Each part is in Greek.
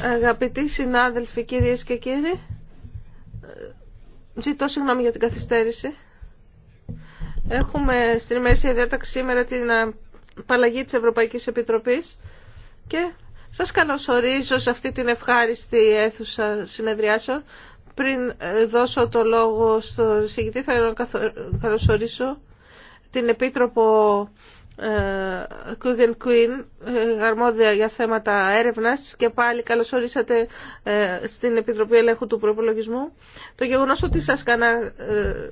Αγαπητοί συνάδελφοι, κυρίε και κύριοι, ζητώ συγγνώμη για την καθυστέρηση. Έχουμε στην μέση διάταξη σήμερα την απαλλαγή της Ευρωπαϊκής Επιτροπής και σας καλωσορίζω σε αυτή την ευχάριστη αίθουσα συνεδριάσεων. Πριν δώσω το λόγο στον συγκητή, θα καλωσορίσω την Επίτροπο ε, Κούγεν Κουίν ε, αρμόδια για θέματα έρευνας και πάλι καλώς ορίσατε ε, στην Επιτροπή Ελέγχου του Προπολογισμού. Το γεγονός ότι σας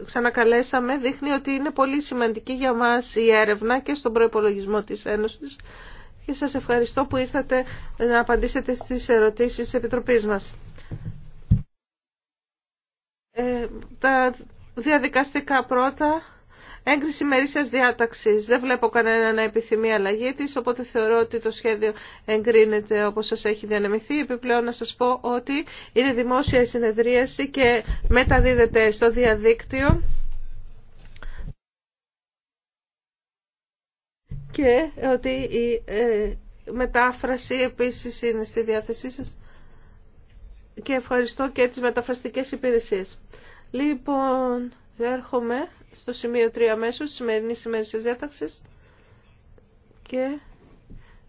ξανακαλέσαμε δείχνει ότι είναι πολύ σημαντική για μας η έρευνα και στον προπολογισμό της Ένωσης και σας ευχαριστώ που ήρθατε να απαντήσετε στις ερωτήσεις της Επιτροπής μας. τα διαδικαστικά πρώτα. Έγκριση μερίσια διάταξη. Δεν βλέπω κανένα να επιθυμεί αλλαγή τη, οπότε θεωρώ ότι το σχέδιο εγκρίνεται όπω σα έχει διανεμηθεί. Επιπλέον να σα πω ότι είναι δημόσια η συνεδρίαση και μεταδίδεται στο διαδίκτυο. Και ότι η ε, μετάφραση επίσης είναι στη διάθεσή σας. Και ευχαριστώ και τις μεταφραστικές υπηρεσίες. Λοιπόν... Έρχομαι στο σημείο 3 αμέσω τη σημερινή ημέρα διάταξη και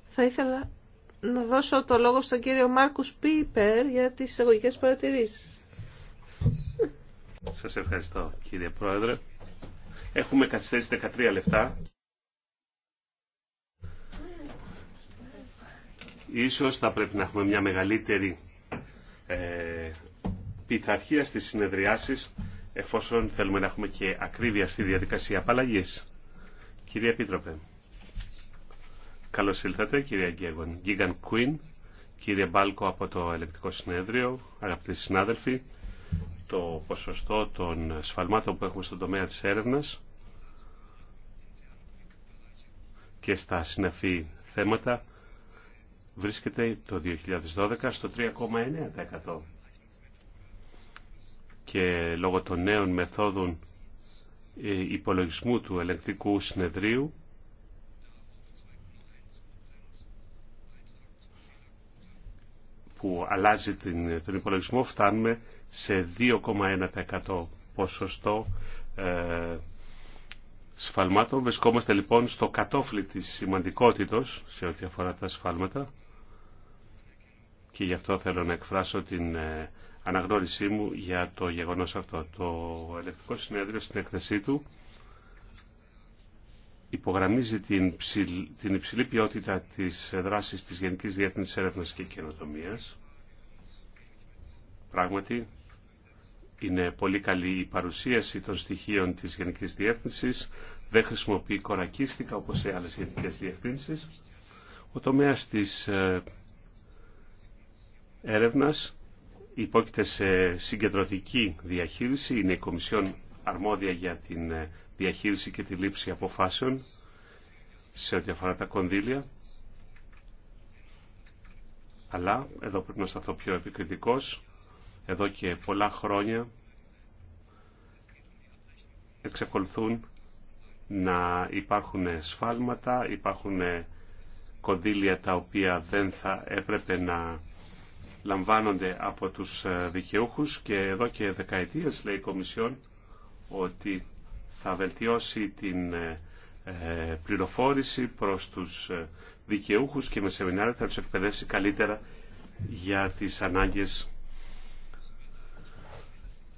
θα ήθελα να δώσω το λόγο στον κύριο Μάρκους Πίπερ για τις εισαγωγικέ παρατηρήσεις. Σας ευχαριστώ κύριε Πρόεδρε. Έχουμε καθυστέρηση 13 λεπτά. Ίσως θα πρέπει να έχουμε μια μεγαλύτερη ε, πειθαρχία στις συνεδριάσεις εφόσον θέλουμε να έχουμε και ακρίβεια στη διαδικασία απαλλαγή. Κυρία Επίτροπε, Καλώ ήλθατε κυρία Γκέγον. Γκίγαν Κουίν, κύριε Μπάλκο από το Ελεκτικό Συνέδριο, αγαπητοί συνάδελφοι, το ποσοστό των σφαλμάτων που έχουμε στον τομέα της έρευνας και στα συναφή θέματα βρίσκεται το 2012 στο 3,9% και λόγω των νέων μεθόδων ε, υπολογισμού του ελεγκτικού συνεδρίου που αλλάζει την, τον υπολογισμό φτάνουμε σε 2,1% ποσοστό ε, σφαλμάτων. Βρισκόμαστε λοιπόν στο κατόφλι της σημαντικότητος σε ό,τι αφορά τα σφάλματα και γι' αυτό θέλω να εκφράσω την ε, αναγνώρισή μου για το γεγονός αυτό. Το ελεκτικό συνέδριο στην έκθεσή του υπογραμμίζει την, την υψηλή ποιότητα της δράσης της Γενικής Διεθνής Έρευνας και Καινοτομίας. Πράγματι, είναι πολύ καλή η παρουσίαση των στοιχείων της Γενικής Διεύθυνσης. Δεν χρησιμοποιεί κορακίστικα όπως σε άλλες γενικές διευθύνσεις. Ο τομέας της ε, έρευνας υπόκειται σε συγκεντρωτική διαχείριση, είναι η Κομισιόν αρμόδια για την ε, διαχείριση και τη λήψη αποφάσεων σε ό,τι αφορά τα κονδύλια. Αλλά, εδώ πρέπει να σταθώ πιο επικριτικός, εδώ και πολλά χρόνια εξακολουθούν να υπάρχουν σφάλματα, υπάρχουν κονδύλια τα οποία δεν θα έπρεπε να λαμβάνονται από τους ε, δικαιούχους και εδώ και δεκαετίες λέει η Κομισιόν ότι θα βελτιώσει την ε, ε, πληροφόρηση προς τους δικαιούχους και με σεμινάρια θα τους εκπαιδεύσει καλύτερα για τις ανάγκες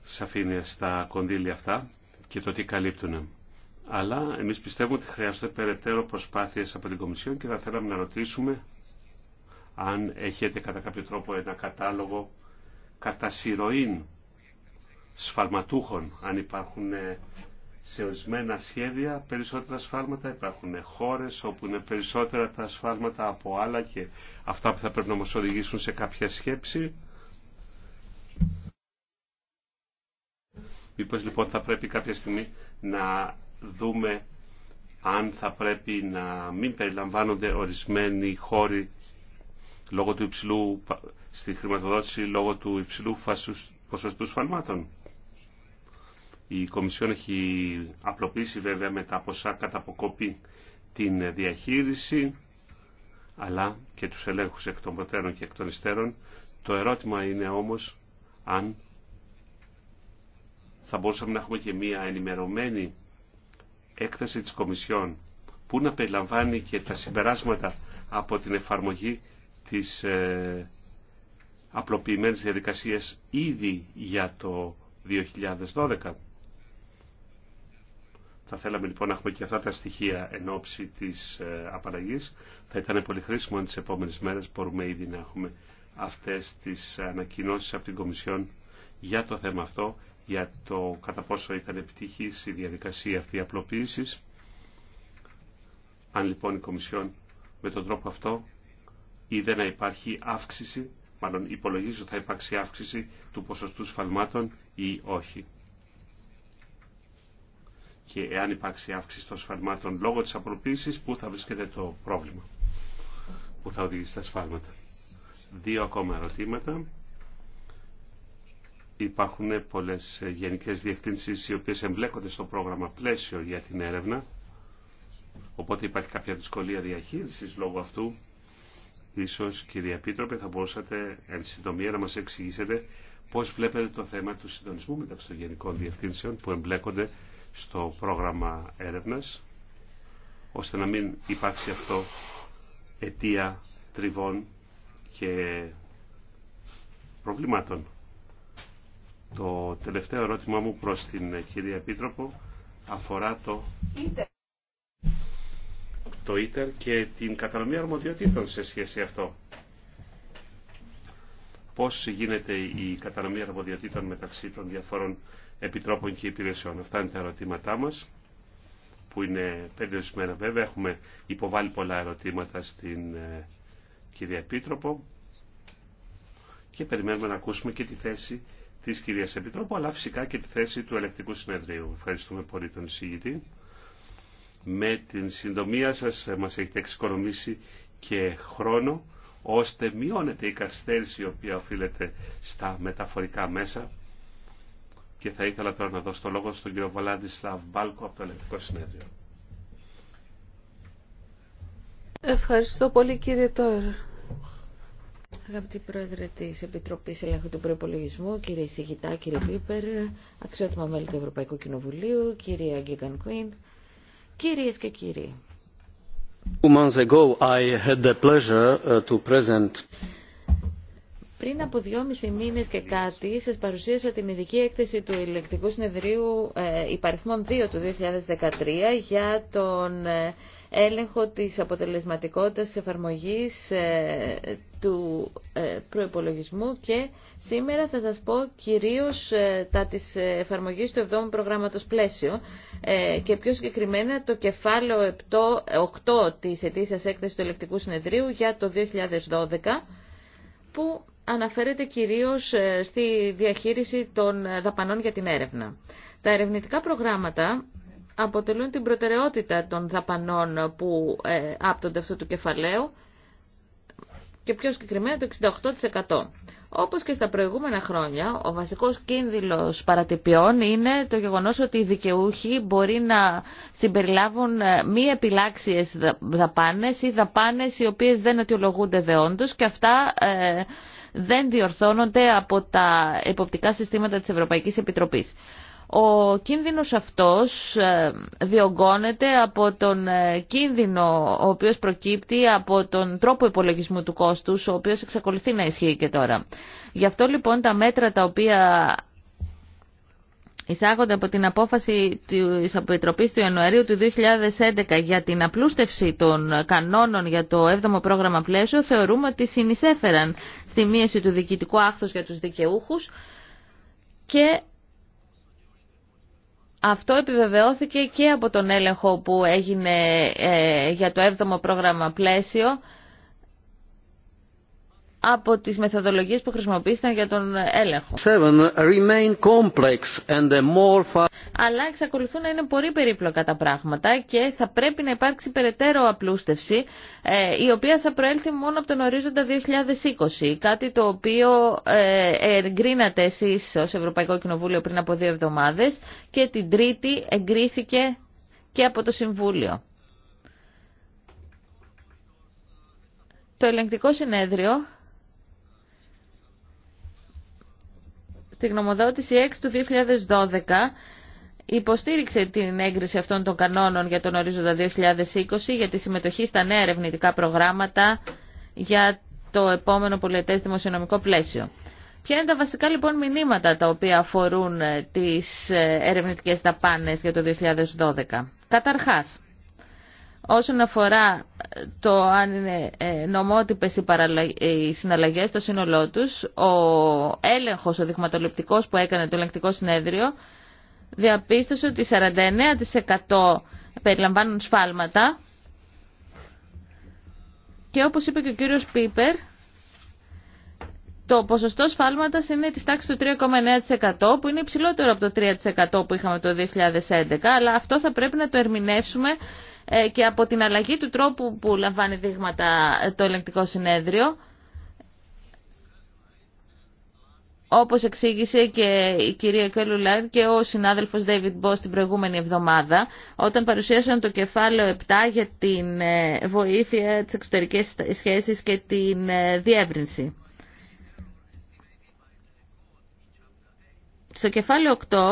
σαφήνεια στα κονδύλια αυτά και το τι καλύπτουν. Αλλά εμείς πιστεύουμε ότι χρειάζονται περαιτέρω προσπάθειες από την Κομισιόν και θα θέλαμε να ρωτήσουμε αν έχετε κατά κάποιο τρόπο ένα κατάλογο κατά σφαλματούχων, αν υπάρχουν ε, σε ορισμένα σχέδια περισσότερα σφάλματα, υπάρχουν χώρες όπου είναι περισσότερα τα σφάλματα από άλλα και αυτά που θα πρέπει να μας οδηγήσουν σε κάποια σκέψη. Μήπως λοιπόν θα πρέπει κάποια στιγμή να δούμε αν θα πρέπει να μην περιλαμβάνονται ορισμένοι χώροι λόγω του υψηλού, στη χρηματοδότηση λόγω του υψηλού ποσοστού φαρμάτων. Η Κομισιόν έχει απλοποιήσει βέβαια μετά από κατά αποκόπη την διαχείριση αλλά και τους ελέγχους εκ των προτέρων και εκ των υστέρων. Το ερώτημα είναι όμως αν θα μπορούσαμε να έχουμε και μία ενημερωμένη έκθεση της Κομισιόν που να περιλαμβάνει και τα συμπεράσματα από την εφαρμογή τις ε, απλοποιημένες διαδικασίες ήδη για το 2012. Θα θέλαμε λοιπόν να έχουμε και αυτά τα στοιχεία εν ώψη της ε, Θα ήταν πολύ χρήσιμο αν τις επόμενες μέρες μπορούμε ήδη να έχουμε αυτές τις ανακοινώσεις από την Κομισιόν για το θέμα αυτό, για το κατά πόσο ήταν επιτυχής η διαδικασία αυτή απλοποίησης. Αν λοιπόν η Κομισιόν με τον τρόπο αυτό είδε να υπάρχει αύξηση, μάλλον υπολογίζω θα υπάρξει αύξηση του ποσοστού σφαλμάτων ή όχι. Και εάν υπάρξει αύξηση των σφαλμάτων λόγω της απορροπήσης, πού θα βρίσκεται το πρόβλημα που θα οδηγήσει τα σφάλματα. Δύο ακόμα ερωτήματα. Υπάρχουν πολλές γενικές διευθύνσεις οι οποίες εμπλέκονται στο πρόγραμμα πλαίσιο για την έρευνα. Οπότε υπάρχει κάποια δυσκολία διαχείρισης λόγω αυτού Ίσως, κύριε Πίτροπε, θα μπορούσατε εν συντομία να μας εξηγήσετε πώς βλέπετε το θέμα του συντονισμού μεταξύ των γενικών διευθύνσεων που εμπλέκονται στο πρόγραμμα έρευνας, ώστε να μην υπάρξει αυτό αιτία τριβών και προβλημάτων. Το τελευταίο ερώτημά μου προς την ε, κυρία Πίτροπο αφορά το το ΙΤΕΡ και την κατανομή αρμοδιοτήτων σε σχέση αυτό. Πώς γίνεται η κατανομή αρμοδιοτήτων μεταξύ των διαφόρων επιτρόπων και υπηρεσιών. Αυτά είναι τα ερωτήματά μας που είναι περιορισμένα βέβαια. Έχουμε υποβάλει πολλά ερωτήματα στην ε, κυρία Επίτροπο και περιμένουμε να ακούσουμε και τη θέση της κυρίας Επιτρόπου αλλά φυσικά και τη θέση του Ελεκτικού Συνεδρίου. Ευχαριστούμε πολύ τον εισηγητή με την συντομία σας ε, μας έχετε εξοικονομήσει και χρόνο ώστε μειώνεται η καθυστέρηση η οποία οφείλεται στα μεταφορικά μέσα και θα ήθελα τώρα να δώσω το λόγο στον κύριο Σλαβ Μπάλκο από το Ελεκτικό Συνέδριο. Ευχαριστώ πολύ κύριε τώρα. Αγαπητή Πρόεδρε τη Επιτροπή Ελέγχου του Προπολογισμού, κύριε Σιγητά, κύριε Πίπερ, αξιότιμα μέλη του Ευρωπαϊκού Κοινοβουλίου, κύριε Αγγίγκαν Κουίν, Κυρίες και κύριοι. Uh, Πριν από δυόμισι μήνες και κάτι, σας παρουσίασα την ειδική έκθεση του ηλεκτρικού συνεδρίου ε, υπαριθμών 2 του 2013 για τον... Ε, έλεγχο της αποτελεσματικότητας της εφαρμογής ε, του ε, προϋπολογισμού και σήμερα θα σας πω κυρίως ε, τα της εφαρμογής του 7ου προγράμματος πλαίσιο και πιο συγκεκριμένα το κεφάλαιο 8 της ετήσιας έκθεσης του ελεκτικού συνεδρίου για το 2012 που αναφέρεται κυρίως στη διαχείριση των δαπανών για την έρευνα. Τα ερευνητικά προγράμματα αποτελούν την προτεραιότητα των δαπανών που ε, άπτονται αυτού του κεφαλαίου και πιο συγκεκριμένα το 68%. Όπως και στα προηγούμενα χρόνια, ο βασικός κίνδυλος παρατυπιών είναι το γεγονός ότι οι δικαιούχοι μπορεί να συμπεριλάβουν ε, μη επιλάξιες δαπάνες ή δαπάνες οι οποίες δεν αιτιολογούνται δεόντως και αυτά ε, δεν διορθώνονται από τα υποπτικά συστήματα της Ευρωπαϊκής Επιτροπής. Ο κίνδυνος αυτός ε, διωγγώνεται από τον ε, κίνδυνο ο οποίος προκύπτει από τον τρόπο υπολογισμού του κόστους, ο οποίος εξακολουθεί να ισχύει και τώρα. Γι' αυτό λοιπόν τα μέτρα τα οποία εισάγονται από την απόφαση της Επιτροπής του Ιανουαρίου του 2011 για την απλούστευση των κανόνων για το 7ο πρόγραμμα πλαίσιο θεωρούμε ότι συνεισέφεραν στη μίεση του διοικητικού άχθους για τους δικαιούχους και αυτό επιβεβαιώθηκε και από τον έλεγχο που έγινε ε, για το 7ο πρόγραμμα πλαίσιο από τις μεθοδολογίες που χρησιμοποίησαν για τον έλεγχο. and Αλλά εξακολουθούν να είναι πολύ περίπλοκα τα πράγματα και θα πρέπει να υπάρξει περαιτέρω απλούστευση ε, η οποία θα προέλθει μόνο από τον ορίζοντα 2020, κάτι το οποίο ε, εγκρίνατε εσείς ως Ευρωπαϊκό Κοινοβούλιο πριν από δύο εβδομάδες και την Τρίτη εγκρίθηκε και από το Συμβούλιο. Το ελεγκτικό συνέδριο στη γνωμοδότηση 6 του 2012 υποστήριξε την έγκριση αυτών των κανόνων για τον ορίζοντα 2020, για τη συμμετοχή στα νέα ερευνητικά προγράμματα για το επόμενο πολιετές δημοσιονομικό πλαίσιο. Ποια είναι τα βασικά λοιπόν μηνύματα τα οποία αφορούν ε, τις ε, ερευνητικές δαπάνες για το 2012. Καταρχάς, Όσον αφορά ε, το αν είναι ε, νομότυπες ε, οι συναλλαγές στο σύνολό τους, ο έλεγχος, ο δειγματοληπτικός που έκανε το ελεγκτικό συνέδριο, διαπίστωσε ότι 49% περιλαμβάνουν σφάλματα και όπως είπε και ο κύριος Πίπερ, το ποσοστό σφάλματα είναι της τάξης του 3,9% που είναι υψηλότερο από το 3% που είχαμε το 2011, αλλά αυτό θα πρέπει να το ερμηνεύσουμε ε, και από την αλλαγή του τρόπου που λαμβάνει δείγματα το ελεγκτικό συνέδριο, όπως εξήγησε και η κυρία Κελουλάρ και ο συνάδελφος David Μπός την προηγούμενη εβδομάδα, όταν παρουσίασαν το κεφάλαιο 7 για την ε, βοήθεια της εξωτερικές σχέσεις και την ε, διεύρυνση. Στο κεφάλαιο 8,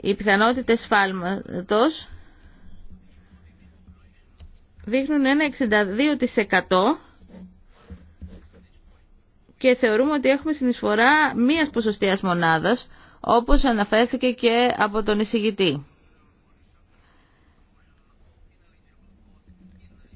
οι πιθανότητες φάλματος δείχνουν ένα 62% και θεωρούμε ότι έχουμε συνεισφορά μίας ποσοστίας μονάδας, όπως αναφέρθηκε και από τον εισηγητή.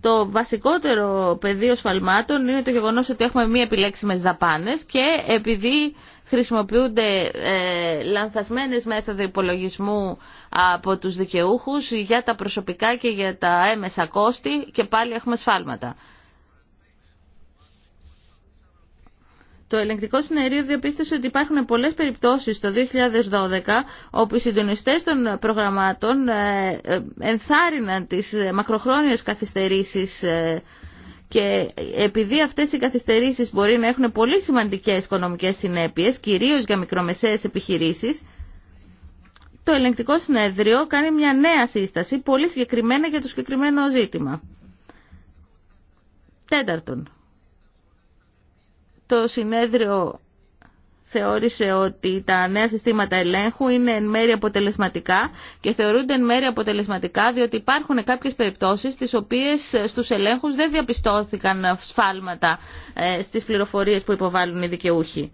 Το βασικότερο πεδίο σφαλμάτων είναι το γεγονός ότι έχουμε μη επιλέξιμες δαπάνες και επειδή χρησιμοποιούνται ε, λανθασμένες μέθοδοι υπολογισμού από τους δικαιούχους για τα προσωπικά και για τα έμεσα κόστη και πάλι έχουμε σφάλματα. Το ελεγκτικό συνεργείο διαπίστωσε ότι υπάρχουν πολλές περιπτώσεις το 2012 όπου οι συντονιστές των προγραμμάτων ε, ε, ενθάρρυναν τις μακροχρόνιες καθυστερήσεις ε, και επειδή αυτές οι καθυστερήσεις μπορεί να έχουν πολύ σημαντικές οικονομικές συνέπειες, κυρίως για μικρομεσαίες επιχειρήσεις, το ελεγκτικό συνέδριο κάνει μια νέα σύσταση πολύ συγκεκριμένα για το συγκεκριμένο ζήτημα. Τέταρτον, το συνέδριο θεώρησε ότι τα νέα συστήματα ελέγχου είναι εν μέρει αποτελεσματικά και θεωρούνται εν μέρει αποτελεσματικά διότι υπάρχουν κάποιες περιπτώσεις στις οποίες στους ελέγχους δεν διαπιστώθηκαν σφάλματα ε, στις πληροφορίες που υποβάλλουν οι δικαιούχοι.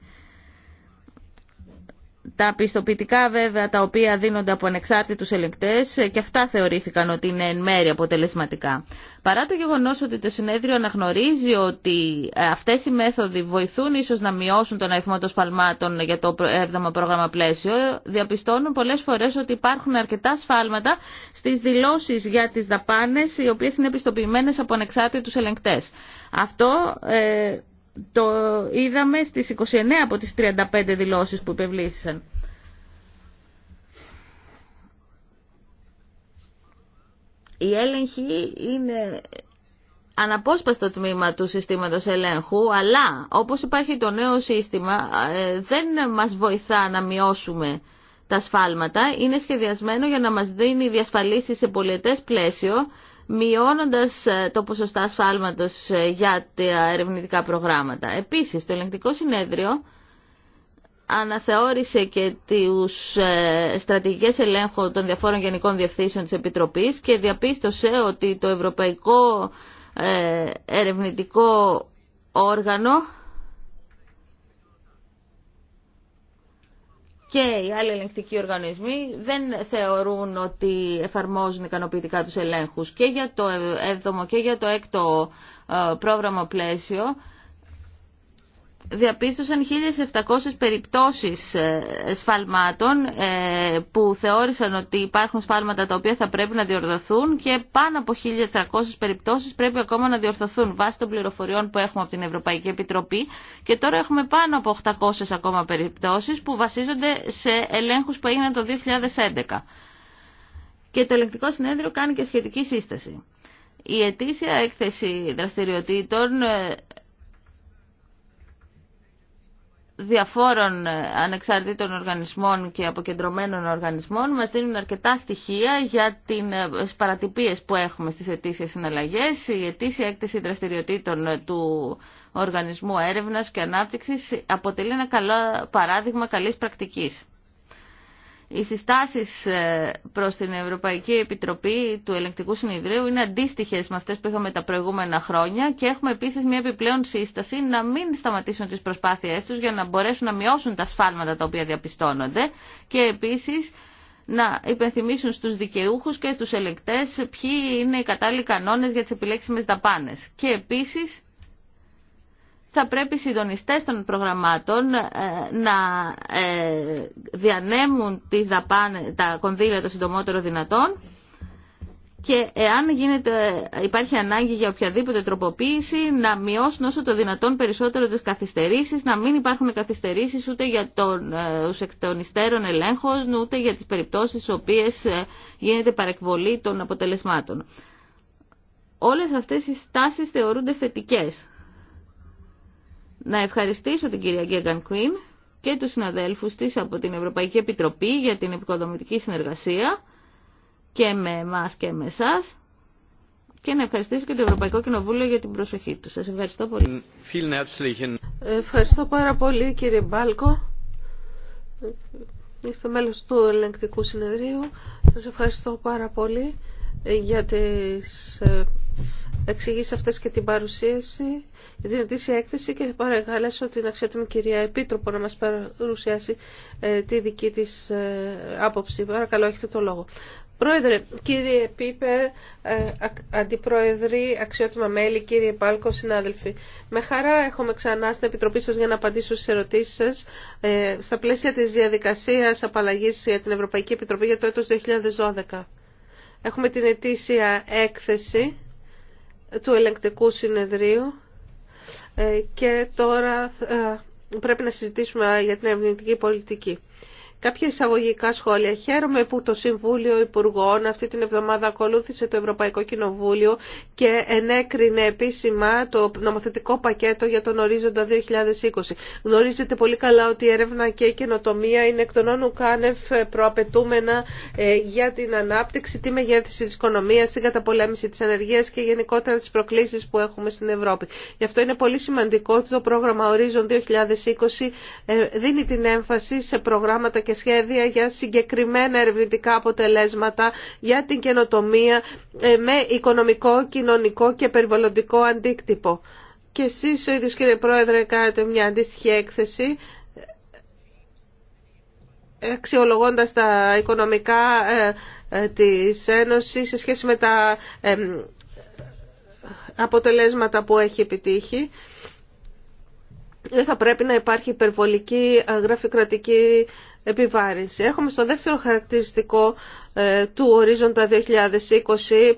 Τα πιστοποιητικά βέβαια τα οποία δίνονται από ανεξάρτητους ελεγκτές ε, και αυτά θεωρήθηκαν ότι είναι εν μέρει αποτελεσματικά. Παρά το γεγονός ότι το συνέδριο αναγνωρίζει ότι ε, αυτές οι μέθοδοι βοηθούν ίσως να μειώσουν τον αριθμό των σφαλμάτων για το 7 πρόγραμμα πλαίσιο, ε, διαπιστώνουν πολλές φορές ότι υπάρχουν αρκετά σφάλματα στις δηλώσεις για τις δαπάνες οι οποίες είναι πιστοποιημένες από ανεξάρτητους ελεγκτές. Αυτό το είδαμε στις 29 από τις 35 δηλώσεις που υπευλήθησαν. Η έλεγχη είναι αναπόσπαστο τμήμα του συστήματος ελέγχου, αλλά όπως υπάρχει το νέο σύστημα, ε, δεν μας βοηθά να μειώσουμε τα σφάλματα. Είναι σχεδιασμένο για να μας δίνει διασφαλίσεις σε πολιετές πλαίσιο μειώνοντας ε, το ποσοστά ασφάλματος ε, για τα ερευνητικά προγράμματα. Επίσης, το ελεγκτικό συνέδριο αναθεώρησε και τους ε, στρατηγικές ελέγχου των διαφόρων γενικών διευθύνσεων της Επιτροπής και διαπίστωσε ότι το Ευρωπαϊκό Ερευνητικό Όργανο και οι άλλοι ελεγκτικοί οργανισμοί δεν θεωρούν ότι εφαρμόζουν ικανοποιητικά τους ελέγχους και για το 7ο και για το 6ο ε, πρόγραμμα πλαίσιο διαπίστωσαν 1.700 περιπτώσεις ε, σφαλμάτων ε, που θεώρησαν ότι υπάρχουν σφάλματα τα οποία θα πρέπει να διορθωθούν και πάνω από 1.400 περιπτώσεις πρέπει ακόμα να διορθωθούν βάσει των πληροφοριών που έχουμε από την Ευρωπαϊκή Επιτροπή και τώρα έχουμε πάνω από 800 ακόμα περιπτώσεις που βασίζονται σε ελέγχους που έγιναν το 2011. Και το ελεγκτικό συνέδριο κάνει και σχετική σύσταση. Η ετήσια έκθεση δραστηριοτήτων ε, διαφόρων ε, ανεξαρτήτων οργανισμών και αποκεντρωμένων οργανισμών μας δίνουν αρκετά στοιχεία για ε, τις παρατυπίες που έχουμε στις ετήσιες συναλλαγές. Η ετήσια έκθεση δραστηριοτήτων ε, του Οργανισμού Έρευνας και Ανάπτυξης αποτελεί ένα καλό παράδειγμα καλής πρακτικής. Οι συστάσει ε, προς την Ευρωπαϊκή Επιτροπή του Ελεκτικού Συνεδρίου είναι αντίστοιχε με αυτέ που είχαμε τα προηγούμενα χρόνια και έχουμε επίσης μια επιπλέον σύσταση να μην σταματήσουν τις προσπάθειές τους για να μπορέσουν να μειώσουν τα σφάλματα τα οποία διαπιστώνονται και επίσης να υπενθυμίσουν στους δικαιούχους και στους ελεκτέ ποιοι είναι οι κατάλληλοι κανόνες για τις επιλέξιμες δαπάνες. Και επίσης θα πρέπει οι συντονιστές των προγραμμάτων ε, να ε, διανέμουν τις δαπάνε, τα κονδύλια το συντομότερο δυνατόν και εάν γίνεται, υπάρχει ανάγκη για οποιαδήποτε τροποποίηση να μειώσουν όσο το δυνατόν περισσότερο τις καθυστερήσεις, να μην υπάρχουν καθυστερήσεις ούτε για τον, τους ε, εκτονιστέρων των ελέγχων, ούτε για τις περιπτώσεις στις οποίες γίνεται παρεκβολή των αποτελεσμάτων. Όλες αυτές οι στάσεις θεωρούνται θετικές να ευχαριστήσω την κυρία Γκέγκαν Κουίν και τους συναδέλφους της από την Ευρωπαϊκή Επιτροπή για την επικοδομητική συνεργασία και με εμά και με εσά. Και να ευχαριστήσω και το Ευρωπαϊκό Κοινοβούλιο για την προσοχή του. Σας ευχαριστώ πολύ. Ευχαριστώ πάρα πολύ κύριε Μπάλκο. Είστε μέλο του ελεγκτικού συνεδρίου. Σα ευχαριστώ πάρα πολύ για τις ε, εξηγήσει αυτέ και την παρουσίαση, την ετήσια έκθεση και θα παρακαλέσω την αξιότιμη κυρία Επίτροπο να μα παρουσιάσει ε, τη δική της ε, άποψη. Παρακαλώ, έχετε το λόγο. Πρόεδρε, κύριε Πίπερ, ε, αντιπρόεδροι, αξιότιμα μέλη, κύριε Πάλκο, συνάδελφοι. Με χαρά έχουμε ξανά στην Επιτροπή σας για να απαντήσω στις ερωτήσεις σας. στα πλαίσια της διαδικασίας απαλλαγής για την Ευρωπαϊκή Επιτροπή για το έτος 2012. Έχουμε την ετήσια έκθεση του ελεγκτικού συνεδρίου ε, και τώρα ε, πρέπει να συζητήσουμε για την ερευνητική πολιτική. Κάποια εισαγωγικά σχόλια. Χαίρομαι που το Συμβούλιο Υπουργών αυτή την εβδομάδα ακολούθησε το Ευρωπαϊκό Κοινοβούλιο και ενέκρινε επίσημα το νομοθετικό πακέτο για τον ορίζοντα 2020. Γνωρίζετε πολύ καλά ότι η έρευνα και η καινοτομία είναι εκ των όνου κάνευ προαπαιτούμενα ε, για την ανάπτυξη, τη μεγέθυνση τη οικονομία, την καταπολέμηση τη ανεργία και γενικότερα τι προκλήσει που έχουμε στην Ευρώπη. Γι' αυτό είναι πολύ σημαντικό ότι το πρόγραμμα Ορίζον 2020 ε, δίνει την έμφαση σε προγράμματα και σχέδια για συγκεκριμένα ερευνητικά αποτελέσματα για την καινοτομία ε, με οικονομικό, κοινωνικό και περιβαλλοντικό αντίκτυπο. Και εσείς ο ίδιος κύριε Πρόεδρε κάνετε μια αντίστοιχη έκθεση αξιολογώντας τα οικονομικά ε, ε, της Ένωσης σε σχέση με τα αποτελέσματα που έχει επιτύχει. Δεν θα πρέπει να υπάρχει υπερβολική γραφειοκρατική επιβάρυνση. Έρχομαι στο δεύτερο χαρακτηριστικό ε, του ορίζοντα 2020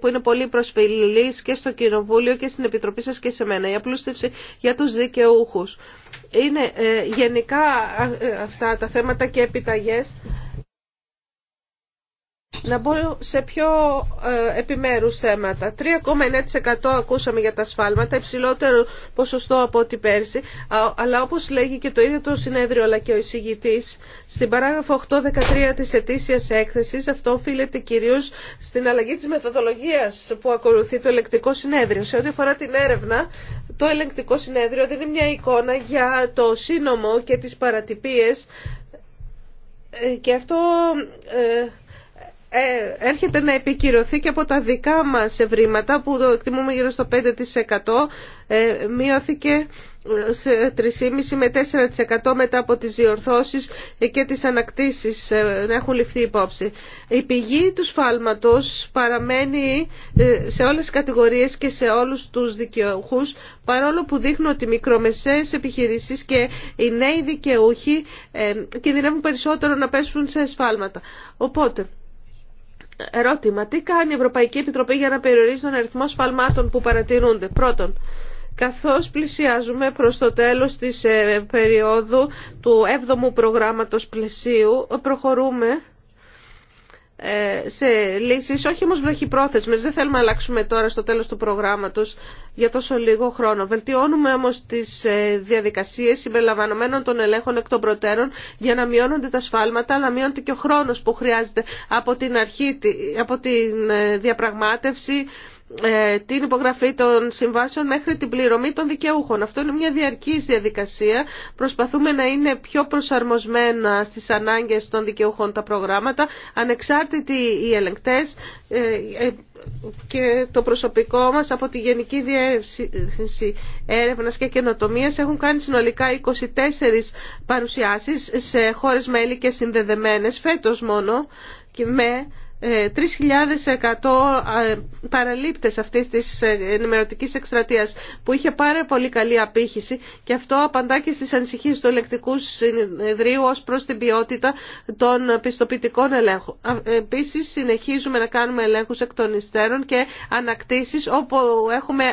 που είναι πολύ προσφυλής και στο Κοινοβούλιο και στην Επιτροπή σας και σε μένα. Η απλούστευση για τους δικαιούχους. Είναι ε, γενικά ε, αυτά τα θέματα και επιταγές να μπω σε πιο ε, επιμέρους θέματα. 3,9% ακούσαμε για τα σφάλματα, υψηλότερο ποσοστό από ό,τι πέρσι, αλλά όπως λέγει και το ίδιο το συνέδριο αλλά και ο εισηγητής, στην παράγραφο 813 της ετήσιας έκθεσης, αυτό οφείλεται κυρίως στην αλλαγή της μεθοδολογίας που ακολουθεί το ελεκτικό συνέδριο. Σε ό,τι αφορά την έρευνα, το ελεκτικό συνέδριο δίνει μια εικόνα για το σύνομο και τις παρατυπίες ε, και αυτό... Ε, ε, έρχεται να επικυρωθεί και από τα δικά μας ευρήματα που το εκτιμούμε γύρω στο 5% ε, μειώθηκε ε, σε 3,5 με 4% μετά από τις διορθώσεις και τις ανακτήσεις να έχουν ληφθεί υπόψη. Η πηγή του σφάλματος παραμένει σε όλες τις κατηγορίες και σε όλους τους δικαιούχους παρόλο που δείχνουν ότι μικρομεσαίες επιχειρήσεις και οι νέοι δικαιούχοι κινδυνεύουν περισσότερο να πέσουν σε σφάλματα. Οπότε ερώτημα. Τι κάνει η Ευρωπαϊκή Επιτροπή για να περιορίζει τον αριθμό σφαλμάτων που παρατηρούνται. Πρώτον, καθώς πλησιάζουμε προς το τέλος της ε, περίοδου του 7ου προγράμματος πλαισίου, προχωρούμε ε, σε λύσεις, όχι όμως βραχυπρόθεσμες, δεν θέλουμε να αλλάξουμε τώρα στο τέλος του προγράμματος για τόσο λίγο χρόνο. Βελτιώνουμε όμως τις ε, διαδικασίες συμπεριλαμβανομένων των ελέγχων εκ των προτέρων για να μειώνονται τα σφάλματα, να μειώνεται και ο χρόνος που χρειάζεται από την αρχή, από την ε, διαπραγμάτευση ε, την υπογραφή των συμβάσεων μέχρι την πληρωμή των δικαιούχων. Αυτό είναι μια διαρκής διαδικασία. Προσπαθούμε να είναι πιο προσαρμοσμένα στις ανάγκες των δικαιούχων τα προγράμματα, ανεξάρτητοι οι ελεγκτές ε, ε, και το προσωπικό μας από τη Γενική Διεύθυνση Έρευνας και Καινοτομίας έχουν κάνει συνολικά 24 παρουσιάσεις σε χώρες μέλη και συνδεδεμένες φέτος μόνο και με 3.100 ε, ε, παραλήπτες αυτής της ε, ενημερωτικής εκστρατείας που είχε πάρα πολύ καλή απήχηση και αυτό απαντά και στις ανησυχίες του ελεκτικού συνεδρίου ως προς την ποιότητα των πιστοποιητικών ελέγχων. Επίσης συνεχίζουμε να κάνουμε ελέγχους εκ των υστέρων και ανακτήσεις όπου έχουμε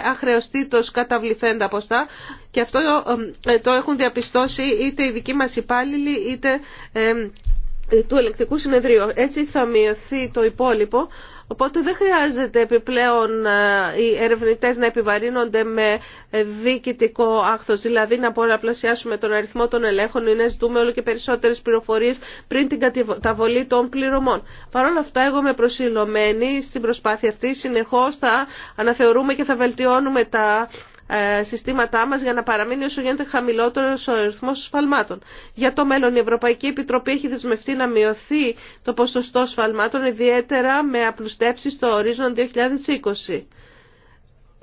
το καταβληθέντα ποστά και αυτό το έχουν διαπιστώσει είτε οι δικοί μας υπάλληλοι είτε του ελεκτικού συνεδρίου. Έτσι θα μειωθεί το υπόλοιπο, οπότε δεν χρειάζεται επιπλέον ε, οι ερευνητές να επιβαρύνονται με διοικητικό άκθος, δηλαδή να πολλαπλασιάσουμε τον αριθμό των ελέγχων ή να ζητούμε όλο και περισσότερες πληροφορίες πριν την καταβολή των πληρωμών. Παρ' όλα αυτά εγώ είμαι προσιλωμένη στην προσπάθεια αυτή, συνεχώς θα αναθεωρούμε και θα βελτιώνουμε τα ε, συστήματά μας για να παραμείνει όσο γίνεται χαμηλότερος ο αριθμός σφαλμάτων. Για το μέλλον η Ευρωπαϊκή Επιτροπή έχει δεσμευτεί να μειωθεί το ποσοστό σφαλμάτων ιδιαίτερα με απλουστεύσεις στο ορίζον 2020.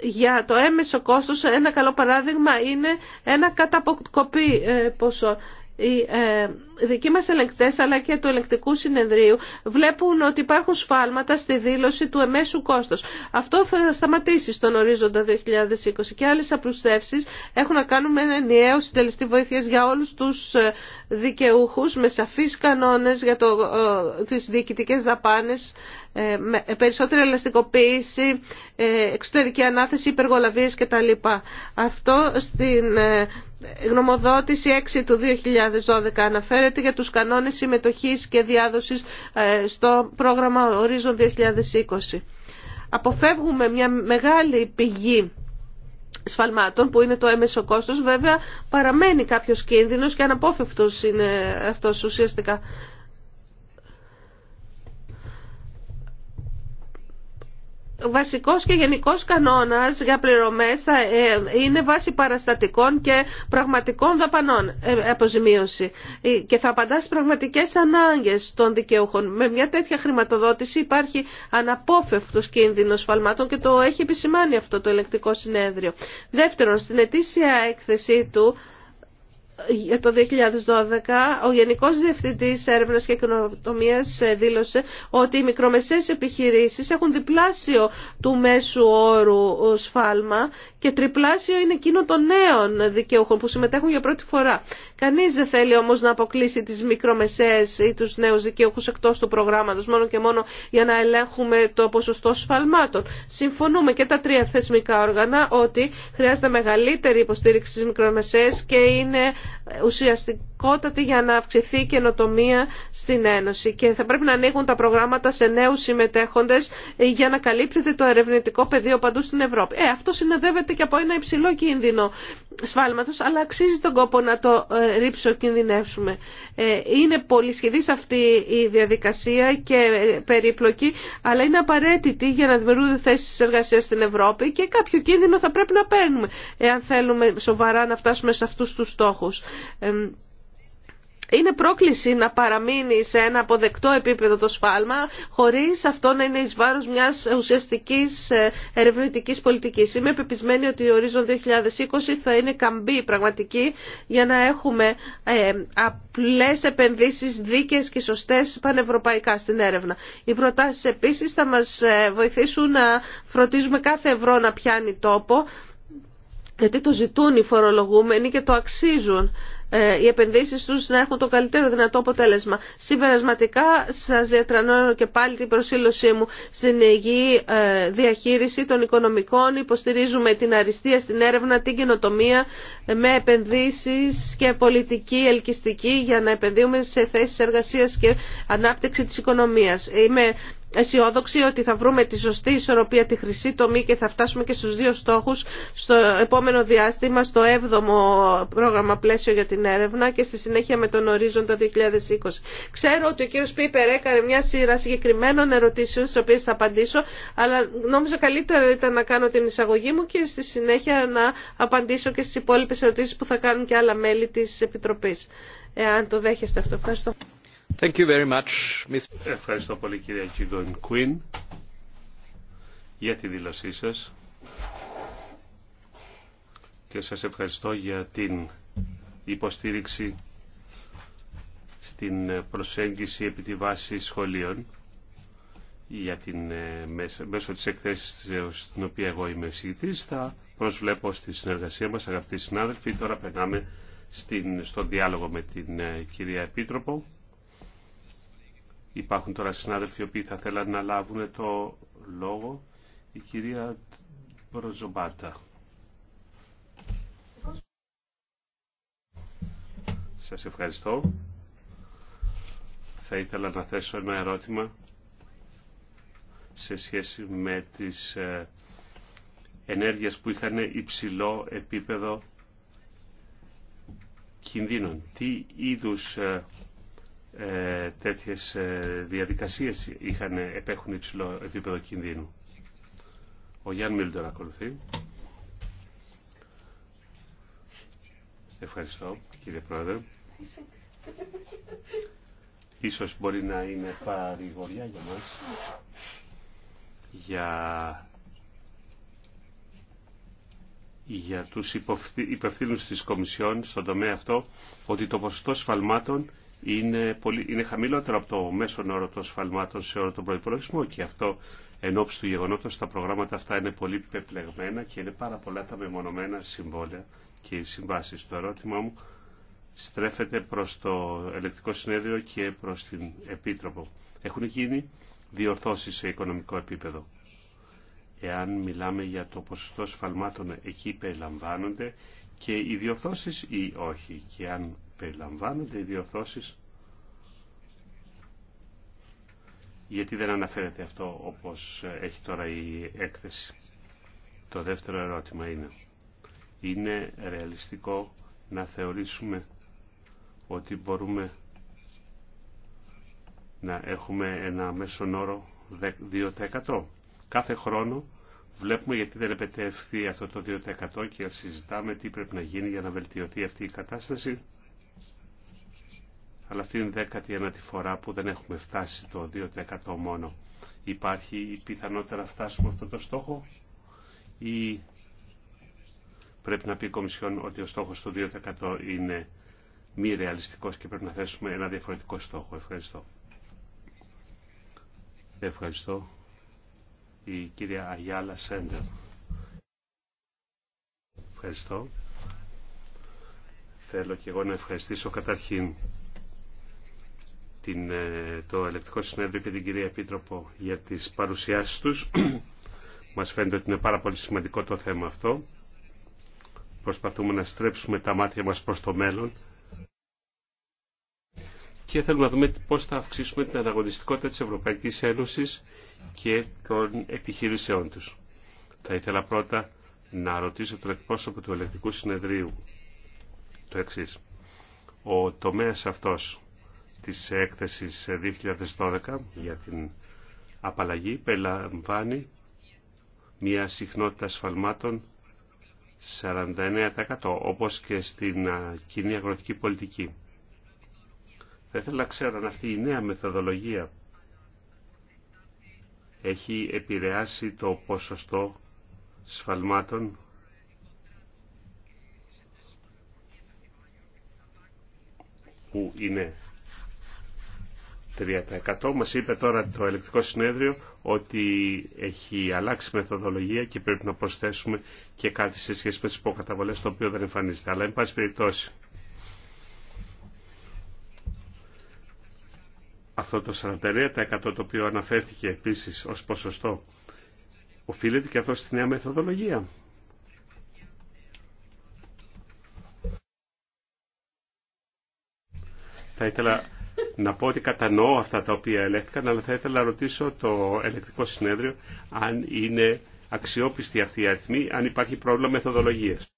Για το έμεσο κόστος ένα καλό παράδειγμα είναι ένα καταποκοπή ε, ποσό οι ε, δικοί μας ελεκτές αλλά και του ελεκτικού συνεδρίου βλέπουν ότι υπάρχουν σφάλματα στη δήλωση του εμέσου κόστος. Αυτό θα σταματήσει στον ορίζοντα 2020 και άλλες απλουστεύσεις έχουν να κάνουν με ένα ενιαίο συντελεστή βοήθεια για όλους τους ε, δικαιούχους με σαφείς κανόνες για το, ε, τις διοικητικές δαπάνες με περισσότερη ελαστικοποίηση, εξωτερική ανάθεση, υπεργολαβίες κτλ. Αυτό στην γνωμοδότηση 6 του 2012 αναφέρεται για τους κανόνες συμμετοχής και διάδοσης ε, στο πρόγραμμα Horizon 2020. Αποφεύγουμε μια μεγάλη πηγή σφαλμάτων που είναι το έμεσο κόστος βέβαια παραμένει κάποιος κίνδυνος και αναπόφευκτος είναι αυτός ουσιαστικά βασικός και γενικός κανόνας για πληρωμές θα ε, είναι βάση παραστατικών και πραγματικών δαπανών ε, αποζημίωση ε, και θα απαντά στις πραγματικές ανάγκες των δικαιούχων. Με μια τέτοια χρηματοδότηση υπάρχει αναπόφευκτος κίνδυνος φαλμάτων και το έχει επισημάνει αυτό το ελεκτικό συνέδριο. Δεύτερον, στην ετήσια έκθεσή του για το 2012 ο Γενικό Διευθυντή Έρευνα και κοινοτομία δήλωσε ότι οι μικρομεσαίε επιχειρήσει έχουν διπλάσιο του μέσου όρου σφάλμα και τριπλάσιο είναι εκείνο των νέων δικαιούχων που συμμετέχουν για πρώτη φορά. Κανεί δεν θέλει όμω να αποκλείσει τι μικρομεσαίε ή του νέου δικαιούχου εκτό του προγράμματο, μόνο και μόνο για να ελέγχουμε το ποσοστό σφαλμάτων. Συμφωνούμε και τα τρία θεσμικά όργανα ότι χρειάζεται μεγαλύτερη υποστήριξη στι μικρομεσαίε και είναι ουσιαστικότατη για να αυξηθεί η καινοτομία στην Ένωση και θα πρέπει να ανοίγουν τα προγράμματα σε νέου συμμετέχοντε για να καλύπτεται το ερευνητικό πεδίο παντού στην Ευρώπη. Ε, αυτό συνοδεύεται και από ένα υψηλό κίνδυνο σφάλματο, αλλά αξίζει τον κόπο να το ε, ρίψω κινδυνεύσουμε. Ε, είναι πολύ σχεδής αυτή η διαδικασία και ε, περίπλοκη, αλλά είναι απαραίτητη για να δημιουργούνται θέσει εργασία στην Ευρώπη και κάποιο κίνδυνο θα πρέπει να παίρνουμε, εάν θέλουμε σοβαρά να φτάσουμε σε αυτού του στόχου. Είναι πρόκληση να παραμείνει σε ένα αποδεκτό επίπεδο το σφάλμα χωρίς αυτό να είναι εις βάρος μιας ουσιαστικής ε, ερευνητικής πολιτικής. Είμαι πεπισμένη ότι ο ορίζον 2020 θα είναι καμπή πραγματική για να έχουμε ε, απλές επενδύσεις δίκαιες και σωστές πανευρωπαϊκά στην έρευνα. Οι προτάσεις επίσης θα μας ε, βοηθήσουν να φροντίζουμε κάθε ευρώ να πιάνει τόπο γιατί το ζητούν οι φορολογούμενοι και το αξίζουν ε, οι επενδύσεις τους να έχουν το καλύτερο δυνατό αποτέλεσμα. Συμπερασματικά σας διατρανώνω και πάλι την προσήλωσή μου στην υγιή ε, διαχείριση των οικονομικών. Υποστηρίζουμε την αριστεία στην έρευνα, την καινοτομία ε, με επενδύσεις και πολιτική ελκυστική για να επενδύουμε σε θέσεις εργασίας και ανάπτυξη της οικονομίας αισιόδοξη ότι θα βρούμε τη σωστή ισορροπία, τη χρυσή τομή και θα φτάσουμε και στους δύο στόχους στο επόμενο διάστημα, στο 7ο πρόγραμμα πλαίσιο για την έρευνα και στη συνέχεια με τον ορίζοντα 2020. Ξέρω ότι ο κύριος Πίπερ έκανε μια σειρά συγκεκριμένων ερωτήσεων στις οποίες θα απαντήσω, αλλά νόμιζα καλύτερα ήταν να κάνω την εισαγωγή μου και στη συνέχεια να απαντήσω και στις υπόλοιπες ερωτήσεις που θα κάνουν και άλλα μέλη της Επιτροπής. Εάν το δέχεστε αυτό. Ευχαριστώ. Ευχαριστώ πολύ κυρία Κιγκον Κουίν για τη δήλωσή σας και σας ευχαριστώ για την υποστήριξη στην προσέγγιση επί τη βάση σχολείων για την, ε, μέσω της εκθέσης ε, στην οποία εγώ είμαι εισηγητής θα προσβλέπω στη συνεργασία μας αγαπητοί συνάδελφοι τώρα περνάμε στην, στον διάλογο με την ε, κυρία Επίτροπο Υπάρχουν τώρα συνάδελφοι οι οποίοι θα θέλαν να λάβουν το λόγο. Η κυρία Προζομπάτα. Σας ευχαριστώ. Θα ήθελα να θέσω ένα ερώτημα σε σχέση με τις ε, ενέργειες που είχαν υψηλό επίπεδο κινδύνων. Τι είδους ε, ε, τέτοιες ε, διαδικασίες είχαν, επέχουν υψηλό επίπεδο κινδύνου. Ο Γιάν Μίλντερ ακολουθεί. Ευχαριστώ κύριε Πρόεδρε. Ίσως μπορεί να είναι παρηγοριά για μας για, για τους υπευθύνους της Κομισιόν στον τομέα αυτό ότι το ποσοστό σφαλμάτων είναι, είναι χαμηλότερο από το μέσον όρο των σφαλμάτων σε όλο τον προπολογισμό και αυτό εν του γεγονότος τα προγράμματα αυτά είναι πολύ πεπλεγμένα και είναι πάρα πολλά τα μεμονωμένα συμβόλαια και οι συμβάσεις. Το ερώτημα μου στρέφεται προς το ελεκτικό συνέδριο και προς την Επίτροπο. Έχουν γίνει διορθώσεις σε οικονομικό επίπεδο. Εάν μιλάμε για το ποσοστό σφαλμάτων, εκεί περιλαμβάνονται και οι διορθώσεις ή όχι. Και αν περιλαμβάνονται οι διορθώσεις γιατί δεν αναφέρεται αυτό όπως έχει τώρα η έκθεση. Το δεύτερο ερώτημα είναι είναι ρεαλιστικό να θεωρήσουμε ότι μπορούμε να έχουμε ένα μέσον όρο 2%. Κάθε χρόνο βλέπουμε γιατί δεν επετεύχθη αυτό το 2% και συζητάμε τι πρέπει να γίνει για να βελτιωθεί αυτή η κατάσταση αλλά αυτή είναι η 19η φορά που δεν έχουμε φτάσει το 2% μόνο. Υπάρχει η πιθανότητα να φτάσουμε αυτό το στόχο ή πρέπει να πει η Κομισιόν ότι ο στόχος του 2% είναι μη ρεαλιστικός και πρέπει να θέσουμε ένα διαφορετικό στόχο. Ευχαριστώ. Ευχαριστώ. Η κυρία Αγιάλα Σέντερ. Ευχαριστώ. Θέλω και εγώ να ευχαριστήσω καταρχήν την, ε, το Ελεκτικό Συνέδριο και την κυρία Επίτροπο για τις παρουσιάσεις τους. Μας φαίνεται ότι είναι πάρα πολύ σημαντικό το θέμα αυτό. Προσπαθούμε να στρέψουμε τα μάτια μας προς το μέλλον και θέλουμε να δούμε πώς θα αυξήσουμε την ανταγωνιστικότητα της Ευρωπαϊκής Ένωσης και των επιχειρήσεών τους. Θα ήθελα πρώτα να ρωτήσω τον εκπρόσωπο του Ελεκτικού Συνεδρίου το εξής. Ο τομέας αυτός της έκθεσης 2012 για την απαλλαγή περιλαμβάνει μια συχνότητα σφαλμάτων 49% όπως και στην κοινή αγροτική πολιτική. Θα ήθελα να ξέρω αν αυτή η νέα μεθοδολογία έχει επηρεάσει το ποσοστό σφαλμάτων που είναι 30%. Μας είπε τώρα το ελεκτικό συνέδριο ότι έχει αλλάξει μεθοδολογία και πρέπει να προσθέσουμε και κάτι σε σχέση με τις υποκαταβολές το οποίο δεν εμφανίζεται. Αλλά εν πάση περιπτώσει αυτό το 49% το οποίο αναφέρθηκε επίσης ως ποσοστό οφείλεται και αυτό στη νέα μεθοδολογία. Θα ήθελα να πω ότι κατανοώ αυτά τα οποία ελέγχθηκαν, αλλά θα ήθελα να ρωτήσω το ελεκτικό συνέδριο αν είναι αξιόπιστη αυτή η αριθμή, αν υπάρχει πρόβλημα μεθοδολογίας.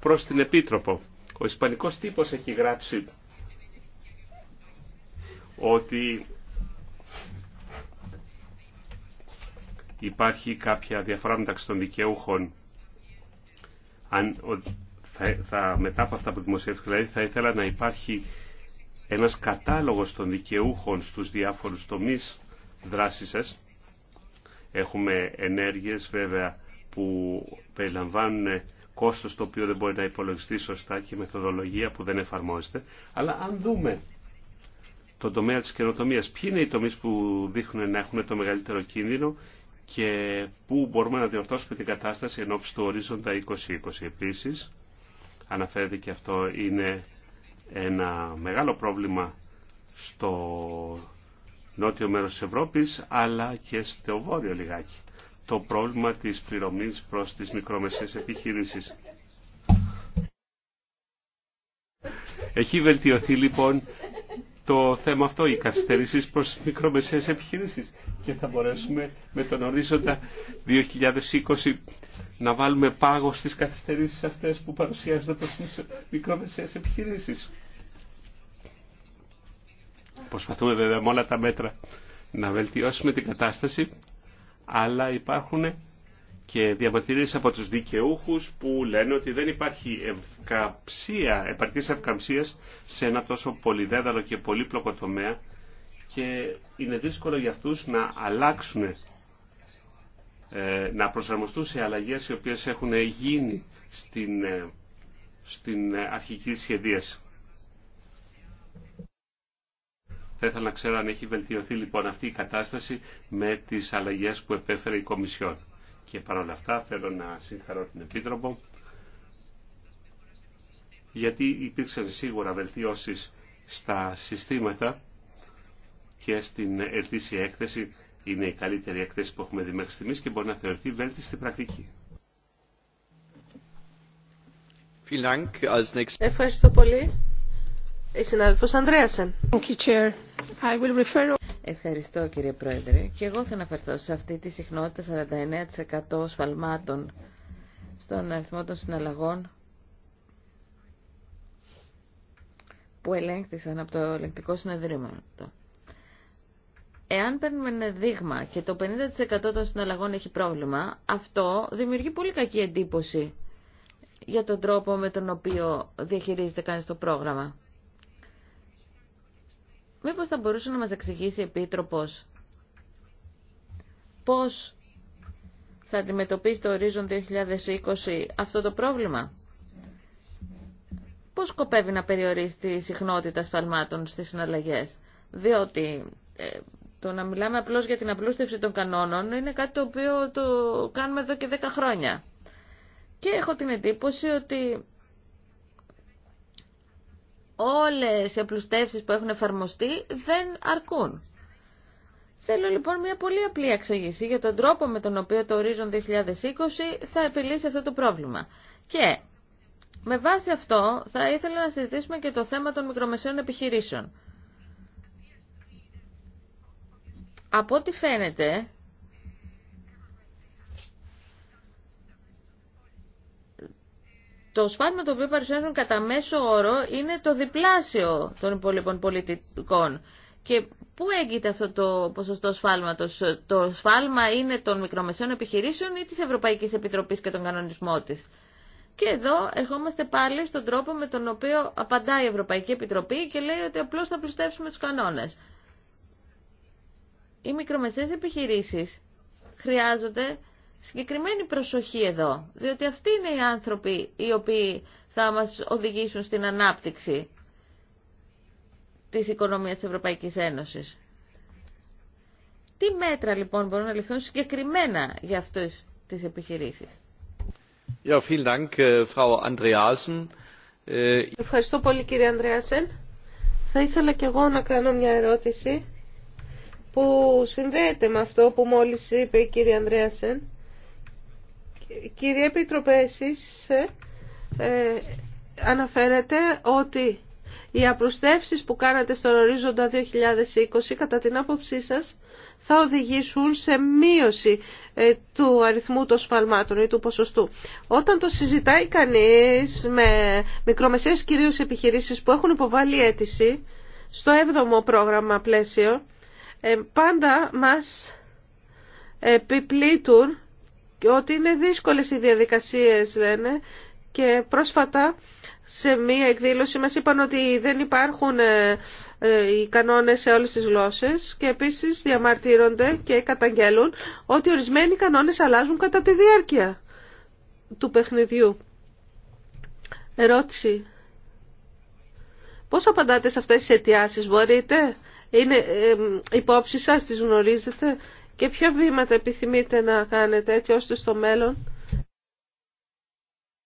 Προς την Επίτροπο, ο Ισπανικός τύπος έχει γράψει ότι υπάρχει κάποια διαφορά μεταξύ των δικαιούχων αν θα, θα, μετά από αυτά που δημοσιεύτηκε, δηλαδή, θα ήθελα να υπάρχει ένας κατάλογος των δικαιούχων στους διάφορους τομείς δράσης σας. Έχουμε ενέργειες βέβαια που περιλαμβάνουν κόστος το οποίο δεν μπορεί να υπολογιστεί σωστά και μεθοδολογία που δεν εφαρμόζεται. Αλλά αν δούμε το τομέα της καινοτομίας, ποιοι είναι οι τομείς που δείχνουν να έχουν το μεγαλύτερο κίνδυνο και πού μπορούμε να διορθώσουμε την κατάσταση εν του ορίζοντα 2020. Επίσης, αναφέρεται και αυτό είναι ένα μεγάλο πρόβλημα στο νότιο μέρος της Ευρώπης αλλά και στο βόρειο λιγάκι. Το πρόβλημα της πληρωμής προς τις μικρομεσαίες επιχειρήσεις. Έχει βελτιωθεί λοιπόν το θέμα αυτό, η καθυστερήσει προς τις μικρομεσαίες επιχειρήσεις και θα μπορέσουμε με τον ορίζοντα 2020 να βάλουμε πάγο στις καθυστερήσεις αυτές που παρουσιάζονται από τις μικρομεσαίες επιχειρήσεις. Προσπαθούμε βέβαια με όλα τα μέτρα να βελτιώσουμε την κατάσταση, αλλά υπάρχουν και διαμαρτυρίες από τους δικαιούχους που λένε ότι δεν υπάρχει ευκαμψία, επαρκής ευκαμψίας σε ένα τόσο πολυδέδαλο και πολύπλοκο τομέα και είναι δύσκολο για αυτούς να αλλάξουν ε, να προσαρμοστούν σε αλλαγές οι οποίες έχουν γίνει στην, ε, στην ε, αρχική σχεδίαση. Θα ήθελα να ξέρω αν έχει βελτιωθεί λοιπόν αυτή η κατάσταση με τις αλλαγές που επέφερε η Κομισιόν. Και παρόλα αυτά θέλω να συγχαρώ την Επίτροπο γιατί υπήρξαν σίγουρα βελτιώσεις στα συστήματα και στην ετήσια έκθεση είναι η καλύτερη εκθέση που έχουμε δει μέχρι στιγμής και μπορεί να θεωρηθεί βέλτιστη πρακτική. Ευχαριστώ πολύ. Η Ανδρέασεν. Ευχαριστώ κύριε Πρόεδρε. Και εγώ θα αναφερθώ σε αυτή τη συχνότητα 49% σφαλμάτων στον αριθμό των συναλλαγών που ελέγχθησαν από το ελεγκτικό συνεδρίο. Εάν παίρνουμε ένα δείγμα και το 50% των συναλλαγών έχει πρόβλημα, αυτό δημιουργεί πολύ κακή εντύπωση για τον τρόπο με τον οποίο διαχειρίζεται κανείς το πρόγραμμα. Μήπως θα μπορούσε να μας εξηγήσει Επίτροπος πώς θα αντιμετωπίσει το ορίζον 2020 αυτό το πρόβλημα. Πώς σκοπεύει να περιορίσει τη συχνότητα σφαλμάτων στις συναλλαγές. Διότι ε, το να μιλάμε απλώς για την απλούστευση των κανόνων είναι κάτι το οποίο το κάνουμε εδώ και 10 χρόνια. Και έχω την εντύπωση ότι όλες οι απλουστεύσεις που έχουν εφαρμοστεί δεν αρκούν. Θέλω λοιπόν μια πολύ απλή εξήγηση για τον τρόπο με τον οποίο το Horizon 2020 θα επιλύσει αυτό το πρόβλημα. Και με βάση αυτό θα ήθελα να συζητήσουμε και το θέμα των μικρομεσαίων επιχειρήσεων. Από ό,τι φαίνεται, το σφάλμα το οποίο παρουσιάζουν κατά μέσο όρο είναι το διπλάσιο των υπόλοιπων πολιτικών. Και πού έγκυται αυτό το ποσοστό σφάλματος. Το σφάλμα είναι των μικρομεσαίων επιχειρήσεων ή της Ευρωπαϊκής Επιτροπής και τον κανονισμό της. Και εδώ ερχόμαστε πάλι στον τρόπο με τον οποίο απαντάει η Ευρωπαϊκή Επιτροπή και λέει ότι απλώς θα πλουστεύσουμε τους κανόνες οι μικρομεσαίες επιχειρήσεις χρειάζονται συγκεκριμένη προσοχή εδώ, διότι αυτοί είναι οι άνθρωποι οι οποίοι θα μας οδηγήσουν στην ανάπτυξη της οικονομίας της Ευρωπαϊκής Ένωσης. Τι μέτρα λοιπόν μπορούν να ληφθούν συγκεκριμένα για αυτές τις επιχειρήσεις. Ja, vielen Dank, äh, Frau Andreasen. Äh, Ευχαριστώ πολύ κύριε Ανδρέασεν. Θα ήθελα και εγώ να κάνω μια ερώτηση που συνδέεται με αυτό που μόλις είπε η κυρία Ανδρέασεν. Κύριε Επίτροπε, εσείς ε, ε αναφέρετε ότι οι απροστεύσεις που κάνατε στον ορίζοντα 2020, κατά την άποψή σας, θα οδηγήσουν σε μείωση ε, του αριθμού των σφαλμάτων ή του ποσοστού. Όταν το συζητάει κανείς με μικρομεσαίες κυρίως επιχειρήσεις που έχουν υποβάλει αίτηση στο 7ο πρόγραμμα πλαίσιο, ε, πάντα μας επιπλήττουν ότι είναι δύσκολες οι διαδικασίες λένε και πρόσφατα σε μία εκδήλωση μας είπαν ότι δεν υπάρχουν ε, ε, οι κανόνες σε όλες τις γλώσσες και επίσης διαμαρτύρονται και καταγγέλουν ότι ορισμένοι κανόνες αλλάζουν κατά τη διάρκεια του παιχνιδιού. Ερώτηση. Πώς απαντάτε σε αυτές τις αιτιάσεις, μπορείτε είναι υπόψη σας, τις γνωρίζετε και ποια βήματα επιθυμείτε να κάνετε έτσι ώστε στο μέλλον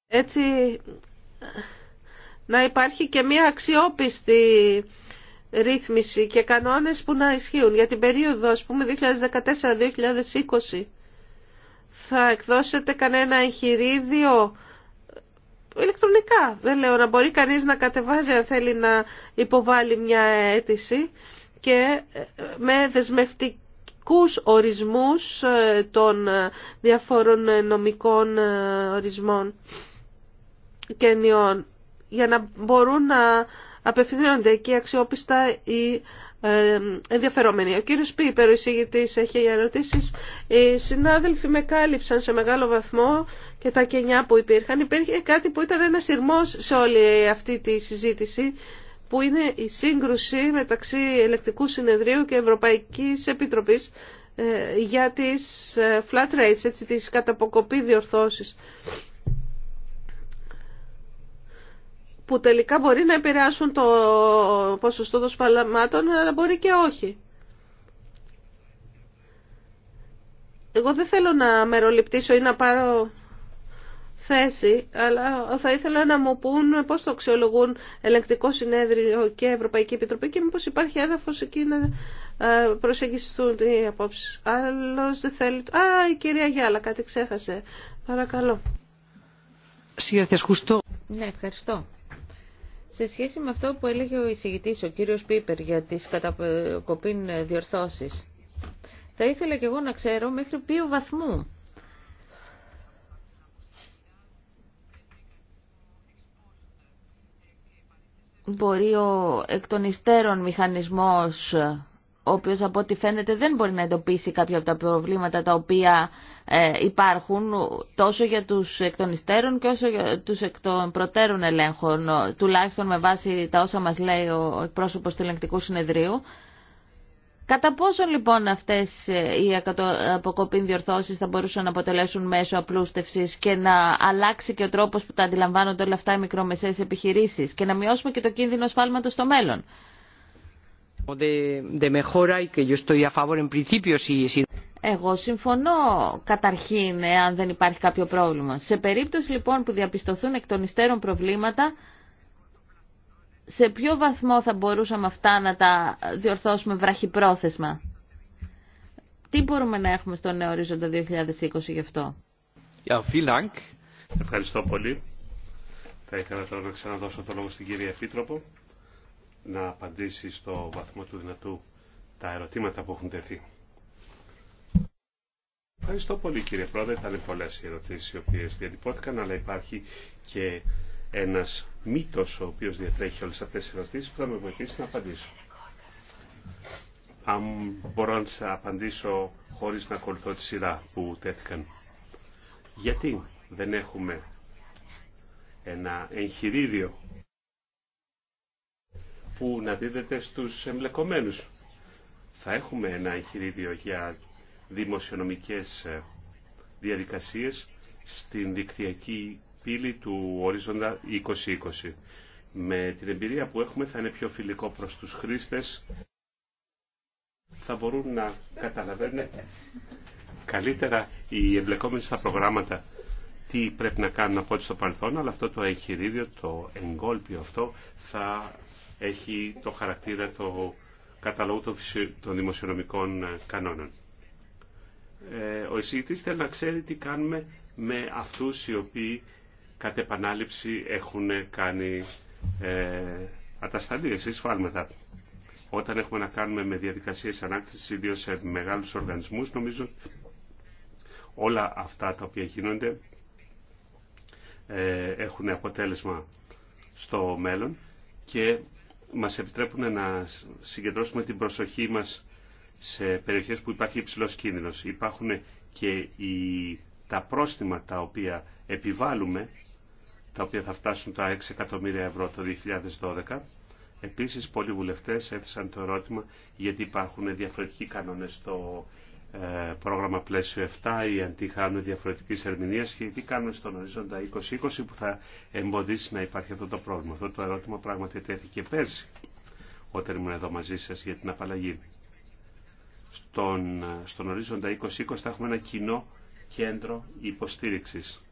έτσι να υπάρχει και μια αξιόπιστη ρύθμιση και κανόνες που να ισχύουν για την περίοδο ας πούμε 2014-2020 θα εκδώσετε κανένα εγχειρίδιο ηλεκτρονικά δεν λέω να μπορεί κανείς να κατεβάζει αν θέλει να υποβάλει μια αίτηση και ε, με δεσμευτικούς ορισμούς ε, των ε, διαφόρων νομικών ορισμών και ενιών για να μπορούν να απευθύνονται εκεί αξιόπιστα οι ενδιαφερόμενοι. Ο κύριος Πίπερ, ο εισηγητής, έχει ερωτήσεις. Οι συνάδελφοι με κάλυψαν σε μεγάλο βαθμό και τα κενιά που υπήρχαν. Υπήρχε κάτι που ήταν ένα σειρμός σε όλη αυτή τη συζήτηση που είναι η σύγκρουση μεταξύ Ελεκτικού Συνεδρίου και Ευρωπαϊκής Επιτροπής ε, για τις ε, flat rates, έτσι, τις καταποκοπή διορθώσεις που τελικά μπορεί να επηρεάσουν το ποσοστό των σπαλαμάτων αλλά μπορεί και όχι. Εγώ δεν θέλω να μεροληπτήσω ή να πάρω θέση, αλλά θα ήθελα να μου πούν πώς το αξιολογούν Ελεκτικό Συνέδριο και Ευρωπαϊκή Επιτροπή και μήπως υπάρχει έδαφος εκεί να ε, προσεγγιστούν οι απόψεις. Άλλος δεν θέλει... Α, η κυρία Γιάλα κάτι ξέχασε. Παρακαλώ. Ναι, ευχαριστώ. Σε σχέση με αυτό που έλεγε ο εισηγητής, ο κύριος Πίπερ, για τις κατακοπήν διορθώσεις, θα ήθελα κι εγώ να ξέρω μέχρι ποιο βαθμού μπορεί ο εκ των υστέρων μηχανισμός, ο οποίος από ό,τι φαίνεται δεν μπορεί να εντοπίσει κάποια από τα προβλήματα τα οποία ε, υπάρχουν τόσο για τους εκ των υστέρων και όσο για τους εκ των προτέρων ελέγχων, τουλάχιστον με βάση τα όσα μας λέει ο εκπρόσωπος του ελεγκτικού συνεδρίου. Κατά πόσο λοιπόν αυτές ε, οι αποκοπήν διορθώσεις θα μπορούσαν να αποτελέσουν μέσο απλούστευσης και να αλλάξει και ο τρόπος που τα αντιλαμβάνονται όλα αυτά οι μικρομεσαίες επιχειρήσεις και να μειώσουμε και το κίνδυνο σφάλματος στο μέλλον. Εγώ συμφωνώ καταρχήν αν δεν υπάρχει κάποιο πρόβλημα. Σε περίπτωση λοιπόν που διαπιστωθούν εκ των υστέρων προβλήματα σε ποιο βαθμό θα μπορούσαμε αυτά να τα διορθώσουμε βραχυπρόθεσμα. Τι μπορούμε να έχουμε στον νέο ορίζοντα 2020 γι' αυτό. Ja, vielen Ευχαριστώ πολύ. Θα ήθελα τώρα να ξαναδώσω το λόγο στην κυρία Επίτροπο να απαντήσει στο βαθμό του δυνατού τα ερωτήματα που έχουν τεθεί. Ευχαριστώ πολύ κύριε Πρόεδρε. Ήταν πολλέ οι ερωτήσει οι οποίε διατυπώθηκαν, αλλά υπάρχει και ένας μύτος ο οποίος διατρέχει όλες αυτές τις ερωτήσεις που θα με βοηθήσει να απαντήσω. Αν μπορώ να σας απαντήσω χωρίς να ακολουθώ τη σειρά που τέθηκαν. Γιατί δεν έχουμε ένα εγχειρίδιο που να δίδεται στους εμπλεκομένους. Θα έχουμε ένα εγχειρίδιο για δημοσιονομικές ε, διαδικασίες στην δικτυακή πύλη του ορίζοντα 2020. Με την εμπειρία που έχουμε θα είναι πιο φιλικό προς τους χρήστες. Θα μπορούν να καταλαβαίνουν καλύτερα οι εμπλεκόμενοι στα προγράμματα τι πρέπει να κάνουν από ό,τι στο παρελθόν, αλλά αυτό το εγχειρίδιο, το εγκόλπιο αυτό, θα έχει το χαρακτήρα το καταλόγου των δημοσιονομικών ε, κανόνων. Ε, ο εισηγητής θέλει να ξέρει τι κάνουμε με αυτούς οι οποίοι κατ' επανάληψη έχουν κάνει ε, ατασταλίες ή σφάλματα. Όταν έχουμε να κάνουμε με διαδικασίες ανάκτησης, ιδίως σε μεγάλους οργανισμούς, νομίζω όλα αυτά τα οποία γίνονται ε, έχουν αποτέλεσμα στο μέλλον και μας επιτρέπουν να συγκεντρώσουμε την προσοχή μας σε περιοχές που υπάρχει υψηλός κίνδυνος. Υπάρχουν και τα πρόστιμα τα οποία επιβάλλουμε, τα οποία θα φτάσουν τα 6 εκατομμύρια ευρώ το 2012. Επίσης, πολλοί βουλευτές έθεσαν το ερώτημα γιατί υπάρχουν διαφορετικοί κανόνες στο ε, πρόγραμμα πλαίσιο 7 ή αν διαφορετικής ερμηνείας και τι κάνουν στον ορίζοντα 2020 που θα εμποδίσει να υπάρχει αυτό το πρόβλημα. Αυτό το ερώτημα πράγματι τέθηκε πέρσι όταν ήμουν εδώ μαζί σας για την απαλλαγή. Στον, ε, στον ορίζοντα 2020 θα έχουμε ένα κοινό κέντρο υποστήριξης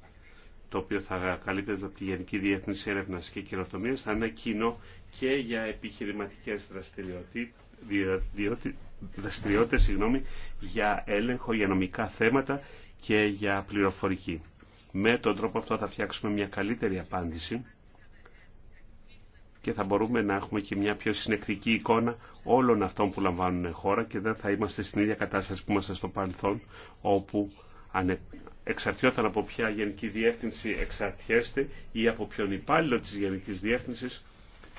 το οποίο θα καλύπτεται από τη Γενική Διεθνής Έρευνα και Κοινοτομίας, θα είναι κοινό και για επιχειρηματικέ δραστηριότητε, για έλεγχο, για νομικά θέματα και για πληροφορική. Με τον τρόπο αυτό θα φτιάξουμε μια καλύτερη απάντηση και θα μπορούμε να έχουμε και μια πιο συνεκτική εικόνα όλων αυτών που λαμβάνουν χώρα και δεν θα είμαστε στην ίδια κατάσταση που είμαστε στο παρελθόν όπου αν εξαρτιόταν από ποια γενική διεύθυνση εξαρτιέστε ή από ποιον υπάλληλο της γενικής διεύθυνσης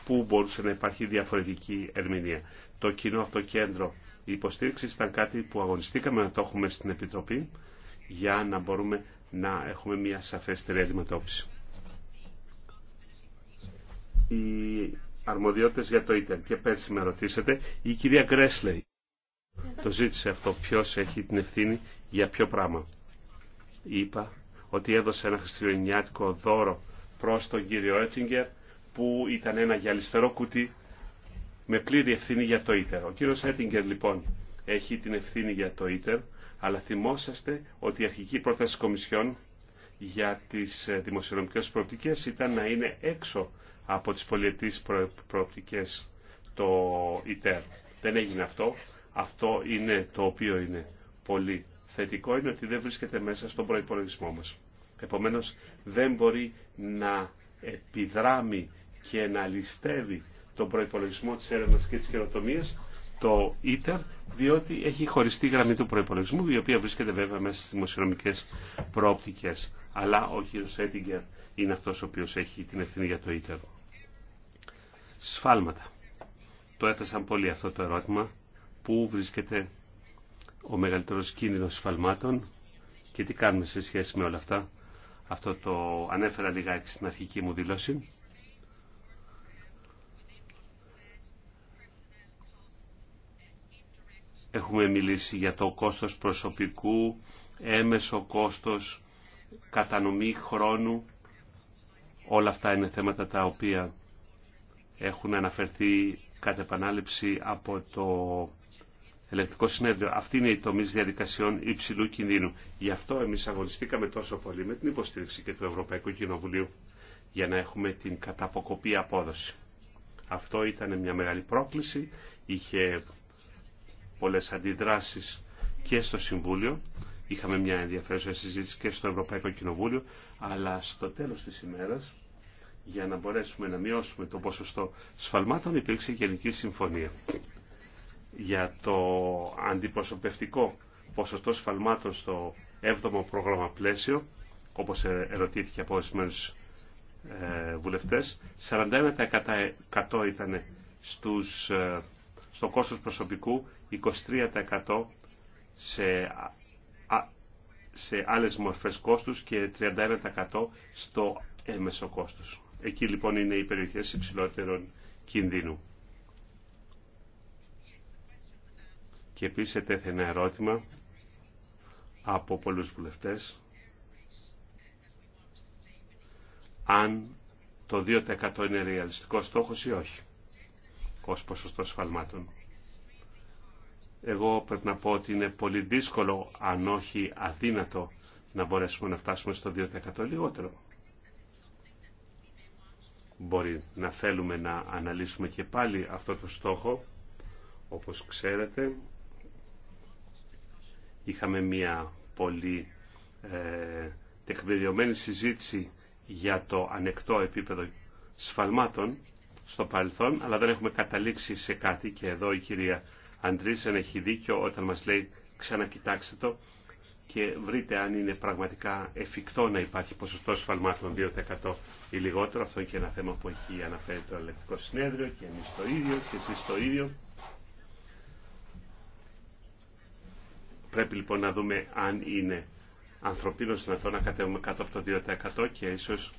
που μπορούσε να υπάρχει διαφορετική ερμηνεία. Το κοινό αυτό κέντρο υποστήριξης ήταν κάτι που αγωνιστήκαμε να το έχουμε στην Επιτροπή για να μπορούμε να έχουμε μια σαφέστερη αντιμετώπιση. Οι αρμοδιότητες για το ΙΤΕΡ και πέρσι με ρωτήσατε, η κυρία Γκρέσλεϊ το ζήτησε αυτό ποιος έχει την ευθύνη για ποιο πράγμα είπα ότι έδωσε ένα χριστουγεννιάτικο δώρο προς τον κύριο Έτιγκερ που ήταν ένα γυαλιστερό κουτί με πλήρη ευθύνη για το ίτερ. Ο κύριος Έτιγκερ λοιπόν έχει την ευθύνη για το ίτερ αλλά θυμόσαστε ότι η αρχική πρόταση κομισιών για τις ε, δημοσιονομικές προοπτικές ήταν να είναι έξω από τις πολιετής προοπτικές το ΙΤΕΡ. Δεν έγινε αυτό. Αυτό είναι το οποίο είναι πολύ θετικό είναι ότι δεν βρίσκεται μέσα στον προϋπολογισμό μας. Επομένως δεν μπορεί να επιδράμει και να ληστεύει τον προϋπολογισμό της έρευνας και της καινοτομίας το ΙΤΕΡ, διότι έχει χωριστή γραμμή του προϋπολογισμού, η οποία βρίσκεται βέβαια μέσα στις δημοσιονομικές προοπτικές. Αλλά ο κ. Σέτιγκερ είναι αυτός ο οποίος έχει την ευθύνη για το ITER. Σφάλματα. Το έθεσαν πολύ αυτό το ερώτημα. Πού βρίσκεται ο μεγαλύτερος κίνδυνος σφαλμάτων και τι κάνουμε σε σχέση με όλα αυτά. Αυτό το ανέφερα λιγάκι στην αρχική μου δήλωση. Έχουμε μιλήσει για το κόστος προσωπικού, έμεσο κόστος, κατανομή χρόνου. Όλα αυτά είναι θέματα τα οποία έχουν αναφερθεί κατ' επανάληψη από το ελεκτικό συνέδριο. Αυτή είναι η τομή διαδικασιών υψηλού κινδύνου. Γι' αυτό εμεί αγωνιστήκαμε τόσο πολύ με την υποστήριξη και του Ευρωπαϊκού Κοινοβουλίου για να έχουμε την καταποκοπή απόδοση. Αυτό ήταν μια μεγάλη πρόκληση, είχε πολλέ αντιδράσει και στο Συμβούλιο, είχαμε μια ενδιαφέρουσα συζήτηση και στο Ευρωπαϊκό Κοινοβούλιο, αλλά στο τέλο τη ημέρα, για να μπορέσουμε να μειώσουμε το ποσοστό σφαλμάτων, υπήρξε γενική συμφωνία για το αντιπροσωπευτικό ποσοστό σφαλμάτων στο 7ο πρόγραμμα πλαίσιο, όπως ε, ερωτήθηκε από ορισμένου ε, βουλευτές, 41% ήταν στους, ε, στο κόστος προσωπικού, 23% σε, α, σε άλλες μορφές κόστους και 31% στο έμεσο κόστος. Εκεί λοιπόν είναι οι περιοχές υψηλότερων κινδύνου. και επίσης ετέθη ένα ερώτημα από πολλούς βουλευτές αν το 2% είναι ρεαλιστικό στόχος ή όχι ως ποσοστό σφαλμάτων. Εγώ πρέπει να πω ότι είναι πολύ δύσκολο, αν όχι αδύνατο, να μπορέσουμε να φτάσουμε στο 2% λιγότερο. Μπορεί να θέλουμε να αναλύσουμε και πάλι αυτό το στόχο, όπως ξέρετε, Είχαμε μια πολύ ε, τεκμηριωμένη συζήτηση για το ανεκτό επίπεδο σφαλμάτων στο παρελθόν, αλλά δεν έχουμε καταλήξει σε κάτι και εδώ η κυρία Αντρίζεν έχει δίκιο όταν μας λέει ξανακοιτάξτε το και βρείτε αν είναι πραγματικά εφικτό να υπάρχει ποσοστό σφαλμάτων 2% ή λιγότερο. Αυτό είναι και ένα θέμα που έχει αναφέρει το ελεκτικό συνέδριο και εμείς το ίδιο και εσείς το ίδιο. Πρέπει λοιπόν να δούμε αν είναι ανθρωπίνο δυνατό να κατέβουμε κάτω από το 2% και ίσως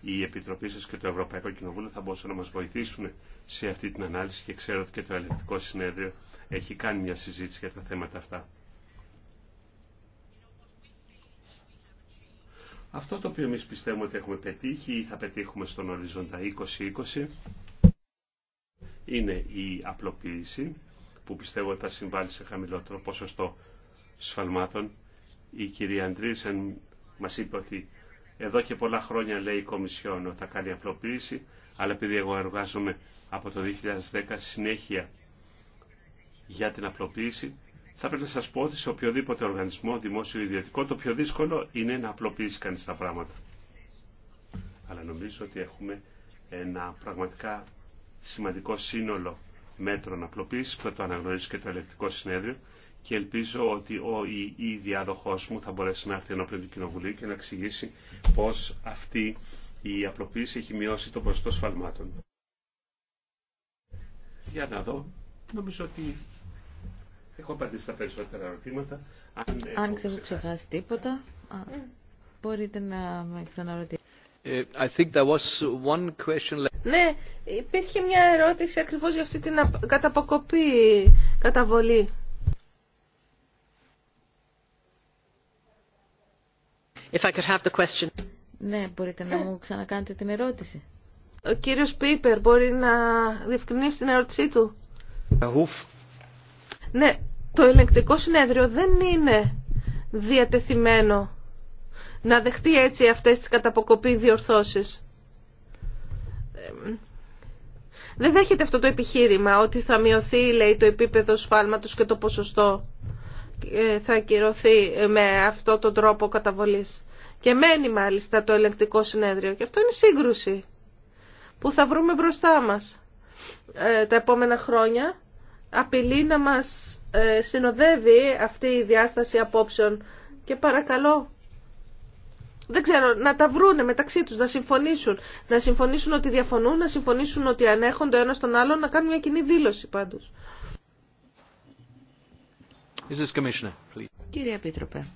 η Επιτροπή σας και το Ευρωπαϊκό Κοινοβούλιο θα μπορούσαν να μας βοηθήσουν σε αυτή την ανάλυση και ξέρω ότι και το Ελεκτικό Συνέδριο έχει κάνει μια συζήτηση για τα θέματα αυτά. Αυτό το οποίο εμεί πιστεύουμε ότι έχουμε πετύχει ή θα πετύχουμε στον οριζόντα 2020 είναι η απλοποίηση που πιστεύω ότι θα συμβάλλει σε χαμηλότερο ποσοστό σφαλμάτων. Η κυρία Αντρίσεν μας είπε ότι εδώ και πολλά χρόνια λέει η Κομισιόν ότι θα κάνει απλοποίηση, αλλά επειδή εγώ εργάζομαι από το 2010 συνέχεια για την απλοποίηση, θα πρέπει να σας πω ότι σε οποιοδήποτε οργανισμό, δημόσιο ή ιδιωτικό, το πιο δύσκολο είναι να απλοποιήσει κανείς τα πράγματα. Αλλά νομίζω ότι έχουμε ένα πραγματικά σημαντικό σύνολο μέτρων απλοποίηση που θα το αναγνωρίσει και το ελεκτικό συνέδριο και ελπίζω ότι ο ή η, η διαδοχος μου θα μπορέσει να έρθει ενώπιον του Κοινοβουλίου και να εξηγήσει πώς αυτή η απλοποίηση έχει μειώσει το ποσοστό σφαλμάτων. Για να δω. Νομίζω ότι έχω απαντήσει στα περισσότερα ερωτήματα. Αν, Αν έχω ξεχάσει, τίποτα, ε. μπορείτε να με ξαναρωτήσετε. Ε, I think there was one question... Ναι, υπήρχε μια ερώτηση ακριβώς για αυτή την καταποκοπή καταβολή. If I could have the question. Ναι, μπορείτε να μου ξανακάνετε την ερώτηση. Ο κύριος Πίπερ μπορεί να διευκρινίσει την ερώτησή του. Ναι, το ελεγκτικό συνέδριο δεν είναι διατεθειμένο να δεχτεί έτσι αυτές τις καταποκοπή διορθώσεις. Δεν δέχεται αυτό το επιχείρημα ότι θα μειωθεί λέει, το επίπεδο σφάλματος και το ποσοστό ε, θα ακυρωθεί με αυτό τον τρόπο καταβολής. Και μένει μάλιστα το ελεγκτικό συνέδριο. Και αυτό είναι σύγκρουση που θα βρούμε μπροστά μας ε, τα επόμενα χρόνια. Απειλεί να μας ε, συνοδεύει αυτή η διάσταση απόψεων. Και παρακαλώ, δεν ξέρω, να τα βρούνε μεταξύ τους, να συμφωνήσουν. Να συμφωνήσουν ότι διαφωνούν, να συμφωνήσουν ότι ανέχονται ένα τον άλλο, να κάνουν μια κοινή δήλωση πάντως. Κύριε Επίτροπε,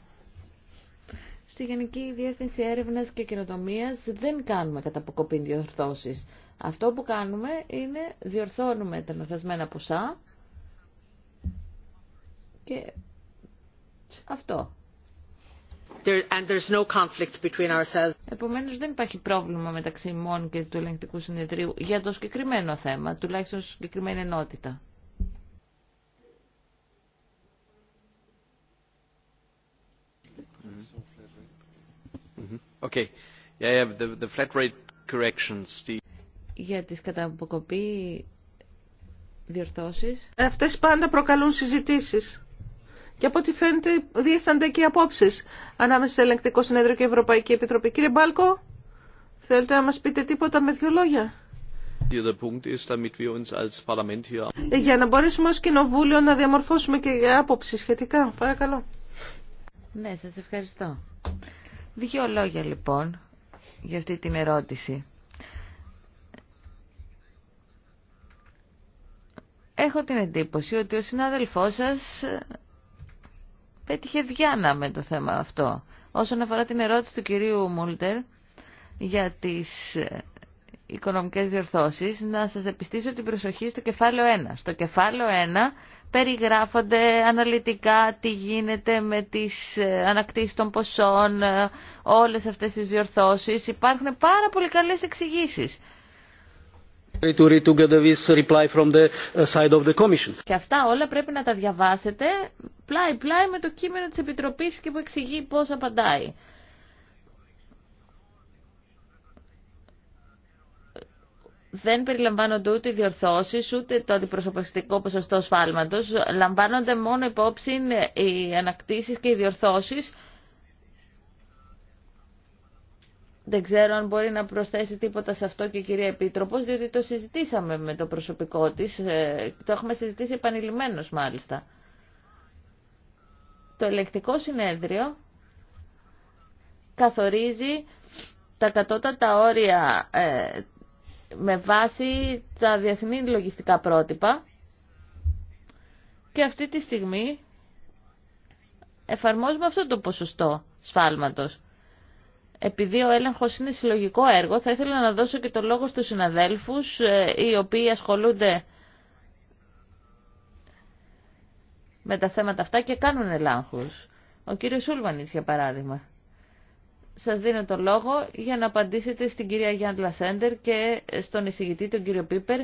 στη Γενική Διεύθυνση έρευνα και Κοινοτομίας δεν κάνουμε κατά αποκοπή διορθώσεις. Αυτό που κάνουμε είναι διορθώνουμε τα μεθασμένα ποσά και αυτό. And Επομένως δεν υπάρχει πρόβλημα μεταξύ μόνο και του ελεγκτικού συνεδρίου για το συγκεκριμένο θέμα, τουλάχιστον συγκεκριμένη ενότητα. Για τις καταποκοπή διορθώσεις. Αυτές πάντα προκαλούν συζητήσεις. Και από ό,τι φαίνεται διέστανται και οι απόψεις ανάμεσα σε Ελεγκτικό Συνέδριο και Ευρωπαϊκή Επιτροπή. Κύριε Μπάλκο, θέλετε να μας πείτε τίποτα με δύο λόγια. Ε, για να μπορέσουμε ως Κοινοβούλιο να διαμορφώσουμε και άποψη σχετικά. Παρακαλώ. Ναι, σας ευχαριστώ. Δύο λόγια λοιπόν για αυτή την ερώτηση. Έχω την εντύπωση ότι ο συνάδελφός σας πέτυχε διάνα με το θέμα αυτό. Όσον αφορά την ερώτηση του κυρίου Μούλτερ για τις οικονομικές διορθώσεις, να σας επιστήσω την προσοχή στο κεφάλαιο 1. Στο κεφάλαιο 1 περιγράφονται αναλυτικά τι γίνεται με τις ε, ανακτήσεις των ποσών, ε, όλες αυτές τις διορθώσεις. Υπάρχουν πάρα πολύ καλές εξηγήσεις. Uh, και αυτά όλα πρέπει να τα διαβάσετε πλάι-πλάι με το κείμενο της Επιτροπής και που εξηγεί πώς απαντάει. δεν περιλαμβάνονται ούτε οι διορθώσεις, ούτε το αντιπροσωπευτικό ποσοστό σφάλματος. Λαμβάνονται μόνο υπόψη οι ανακτήσεις και οι διορθώσεις. Δεν ξέρω αν μπορεί να προσθέσει τίποτα σε αυτό και η κυρία Επίτροπος, διότι το συζητήσαμε με το προσωπικό της. Ε, το έχουμε συζητήσει επανειλημμένως μάλιστα. Το ελεκτικό συνέδριο καθορίζει τα κατώτατα όρια ε, με βάση τα διεθνή λογιστικά πρότυπα και αυτή τη στιγμή εφαρμόζουμε αυτό το ποσοστό σφάλματος. Επειδή ο έλεγχος είναι συλλογικό έργο, θα ήθελα να δώσω και το λόγο στους συναδέλφους ε, οι οποίοι ασχολούνται με τα θέματα αυτά και κάνουν ελάχους. Ο κύριος Σούλβανης, για παράδειγμα σας δίνω το λόγο για να απαντήσετε στην κυρία Γιάννη Λασέντερ και στον εισηγητή τον κύριο Πίπερ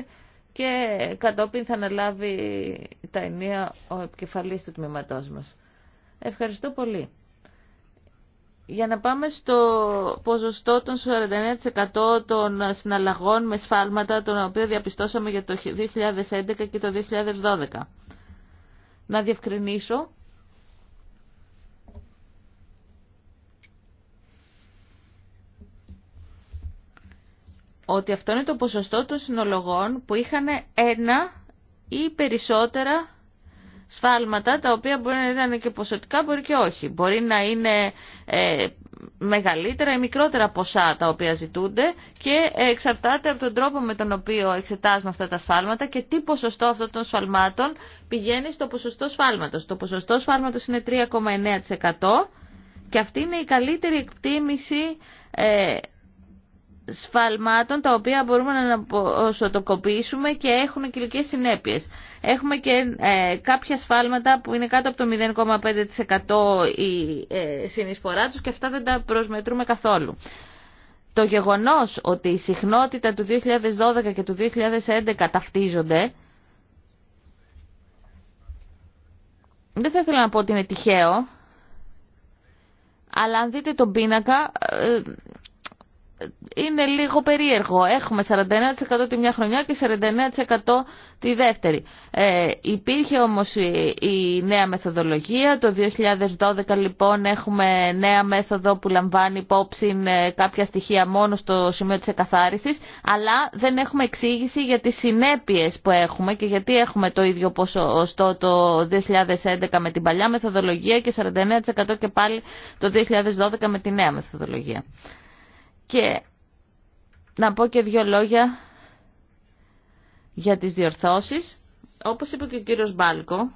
και κατόπιν θα αναλάβει τα ενία ο επικεφαλής του τμήματός μας. Ευχαριστώ πολύ. Για να πάμε στο ποσοστό των 49% των συναλλαγών με σφάλματα, τον οποίο διαπιστώσαμε για το 2011 και το 2012. Να διευκρινίσω ότι αυτό είναι το ποσοστό των συνολογών που είχαν ένα ή περισσότερα σφάλματα, τα οποία μπορεί να ήταν και ποσοτικά, μπορεί και όχι. Μπορεί να είναι ε, μεγαλύτερα ή μικρότερα ποσά τα οποία ζητούνται και εξαρτάται από τον τρόπο με τον οποίο εξετάζουμε αυτά τα σφάλματα και τι ποσοστό αυτών των σφαλμάτων πηγαίνει στο ποσοστό σφάλματος. Το ποσοστό σφάλματος είναι 3,9% και αυτή είναι η καλύτερη εκτίμηση ε, σφαλμάτων τα οποία μπορούμε να σωτοκοπήσουμε και έχουν κυλικές συνέπειες. Έχουμε και ε, κάποια σφάλματα που είναι κάτω από το 0,5% η ε, συνεισφορά τους και αυτά δεν τα προσμετρούμε καθόλου. Το γεγονός ότι η συχνότητα του 2012 και του 2011 ταυτίζονται δεν θα ήθελα να πω ότι είναι τυχαίο αλλά αν δείτε τον πίνακα ε, είναι λίγο περίεργο. Έχουμε 49% τη μια χρονιά και 49% τη δεύτερη. Ε, υπήρχε όμως η, η νέα μεθοδολογία. Το 2012 λοιπόν έχουμε νέα μέθοδο που λαμβάνει υπόψη ε, κάποια στοιχεία μόνο στο σημείο της εκαθάρισης, αλλά δεν έχουμε εξήγηση για τις συνέπειες που έχουμε και γιατί έχουμε το ίδιο ποσοστό το 2011 με την παλιά μεθοδολογία και 49% και πάλι το 2012 με τη νέα μεθοδολογία. Και να πω και δύο λόγια για τις διορθώσεις. Όπως είπε και ο κύριος Μπάλκο,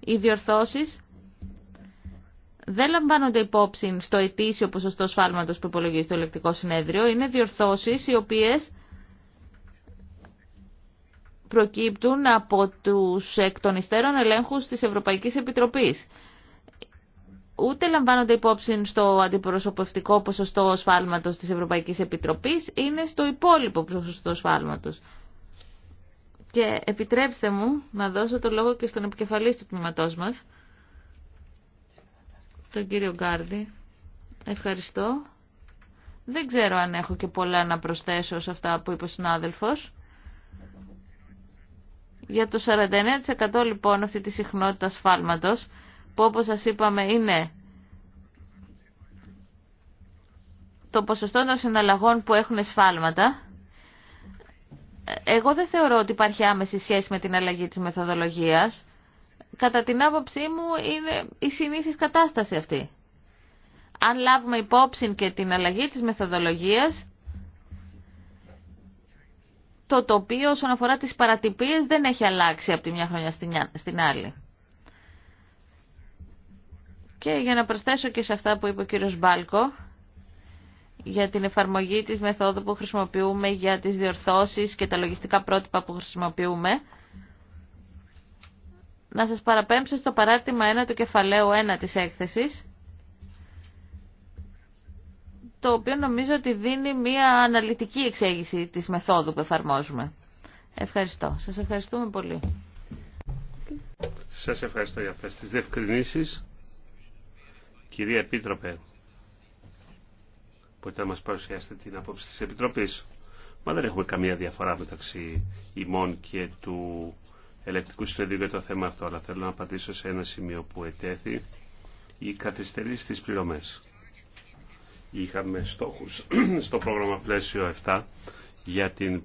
οι διορθώσεις δεν λαμβάνονται υπόψη στο ετήσιο ποσοστό σφάλματος που υπολογίζει το ελεκτικό συνέδριο. Είναι διορθώσεις οι οποίες προκύπτουν από τους εκ των υστέρων ελέγχους της Ευρωπαϊκής Επιτροπής ούτε λαμβάνονται υπόψη στο αντιπροσωπευτικό ποσοστό σφάλματος της Ευρωπαϊκής Επιτροπής, είναι στο υπόλοιπο ποσοστό σφάλματος. Και επιτρέψτε μου να δώσω το λόγο και στον επικεφαλής του τμήματός μας, τον κύριο Γκάρντι. Ευχαριστώ. Δεν ξέρω αν έχω και πολλά να προσθέσω σε αυτά που είπε ο συνάδελφος. Για το 49% λοιπόν αυτή τη συχνότητα σφάλματος, που όπως σας είπαμε είναι το ποσοστό των συναλλαγών που έχουν σφάλματα. Ε, εγώ δεν θεωρώ ότι υπάρχει άμεση σχέση με την αλλαγή της μεθοδολογίας. Κατά την άποψή μου είναι η συνήθις κατάσταση αυτή. Αν λάβουμε υπόψη και την αλλαγή της μεθοδολογίας, το τοπίο όσον αφορά τις παρατυπίες δεν έχει αλλάξει από τη μια χρονιά στην άλλη. Και για να προσθέσω και σε αυτά που είπε ο κύριος Μπάλκο, για την εφαρμογή της μεθόδου που χρησιμοποιούμε, για τις διορθώσεις και τα λογιστικά πρότυπα που χρησιμοποιούμε, να σας παραπέμψω στο παράρτημα 1 του κεφαλαίου 1 της έκθεσης, το οποίο νομίζω ότι δίνει μία αναλυτική εξέγηση της μεθόδου που εφαρμόζουμε. Ευχαριστώ. Σας ευχαριστούμε πολύ. Σας ευχαριστώ για αυτές τις διευκρινήσεις. Κυρία Επίτροπε, μπορείτε να μας παρουσιάσετε την απόψη της Επιτροπής. Μα δεν έχουμε καμία διαφορά μεταξύ ημών και του ελεκτικού συνεδρίου για το θέμα αυτό, αλλά θέλω να απαντήσω σε ένα σημείο που ετέθη η καθυστερήσει στις πληρωμές. Είχαμε στόχους στο πρόγραμμα πλαίσιο 7 για την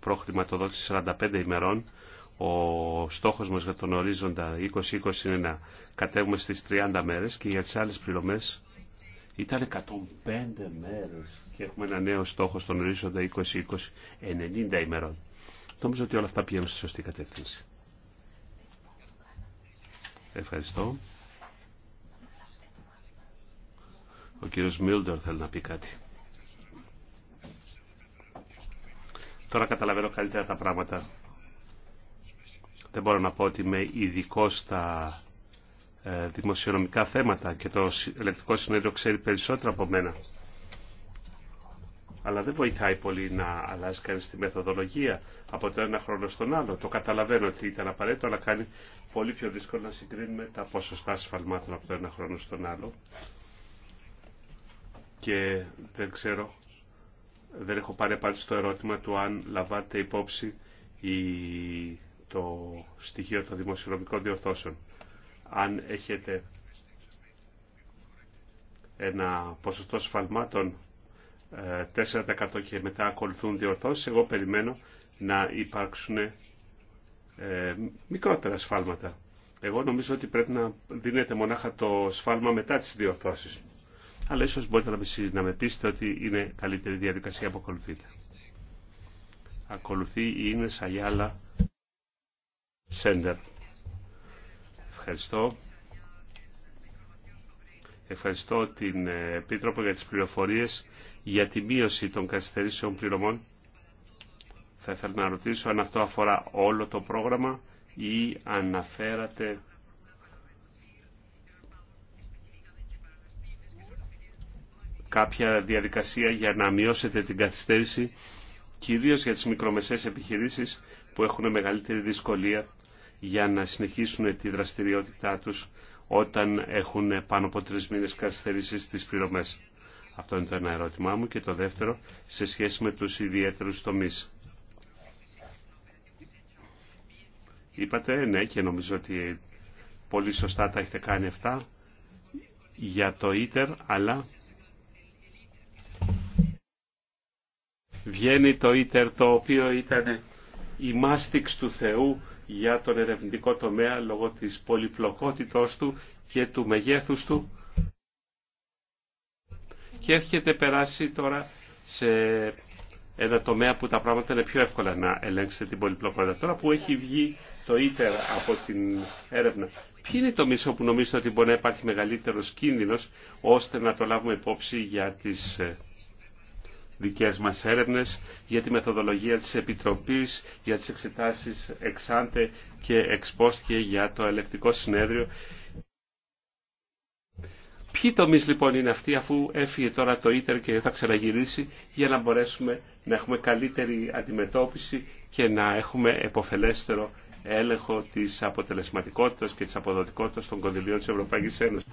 προχρηματοδότηση 45 ημερών ο στόχος μας για τον ορίζοντα 2020 είναι να κατέβουμε στις 30 μέρες και για τις άλλες πληρωμές ήταν 105 μέρες και έχουμε ένα νέο στόχο στον ορίζοντα 2020 90 ημερών. Νομίζω ότι όλα αυτά πηγαίνουν στη σωστή κατεύθυνση. Ευχαριστώ. Ο κύριος Μίλντορ θέλει να πει κάτι. Τώρα καταλαβαίνω καλύτερα τα πράγματα. Δεν μπορώ να πω ότι είμαι ειδικό στα ε, δημοσιονομικά θέματα και το ελεκτικό συνέδριο ξέρει περισσότερα από μένα. Αλλά δεν βοηθάει πολύ να αλλάζει κανεί τη μεθοδολογία από το ένα χρόνο στον άλλο. Το καταλαβαίνω ότι ήταν απαραίτητο, αλλά κάνει πολύ πιο δύσκολο να συγκρίνουμε τα ποσοστά σφαλμάτων από το ένα χρόνο στον άλλο. Και δεν ξέρω, δεν έχω πάρει απάντηση στο ερώτημα του αν λαμβάνεται υπόψη η το στοιχείο των δημοσιονομικών διορθώσεων. Αν έχετε ένα ποσοστό σφαλμάτων 4% ε, και μετά ακολουθούν διορθώσεις, εγώ περιμένω να υπάρξουν ε, μικρότερα σφάλματα. Εγώ νομίζω ότι πρέπει να δίνετε μονάχα το σφάλμα μετά τις διορθώσεις. Αλλά ίσως μπορείτε να με, να πείσετε ότι είναι καλύτερη διαδικασία που ακολουθείτε. Ακολουθεί η Ίνες Αγιάλα Ευχαριστώ. Ευχαριστώ την ε, Επίτροπο για τις πληροφορίες για τη μείωση των καθυστερήσεων πληρωμών. Θα ήθελα να ρωτήσω αν αυτό αφορά όλο το πρόγραμμα ή αναφέρατε κάποια διαδικασία για να μειώσετε την καθυστέρηση κυρίως για τις μικρομεσαίες επιχειρήσεις που έχουν μεγαλύτερη δυσκολία για να συνεχίσουν τη δραστηριότητά τους όταν έχουν πάνω από τρεις μήνες καθυστερήσει στις πληρωμές. Αυτό είναι το ένα ερώτημά μου και το δεύτερο σε σχέση με τους ιδιαίτερους τομείς. Είπατε ναι και νομίζω ότι πολύ σωστά τα έχετε κάνει αυτά για το ίτερ αλλά βγαίνει το ίτερ το οποίο ήταν η μάστιξ του Θεού για τον ερευνητικό τομέα λόγω της πολυπλοκότητός του και του μεγέθους του και έρχεται περάσει τώρα σε ένα τομέα που τα πράγματα είναι πιο εύκολα να ελέγξετε την πολυπλοκότητα. Τώρα που έχει βγει το ίτερ από την έρευνα, Ποιο είναι το μισό που νομίζετε ότι μπορεί να υπάρχει μεγαλύτερος κίνδυνος ώστε να το λάβουμε υπόψη για τις ε, δικές μας έρευνες, για τη μεθοδολογία της Επιτροπής, για τις εξετάσεις εξάντε και εξπόστηκε για το ελεκτικό συνέδριο. Ποιοι τομεί λοιπόν είναι αυτοί αφού έφυγε τώρα το ίτερ και θα ξαναγυρίσει για να μπορέσουμε να έχουμε καλύτερη αντιμετώπιση και να έχουμε εποφελέστερο έλεγχο της αποτελεσματικότητας και της αποδοτικότητας των κονδυλίων της Ευρωπαϊκής Ένωσης.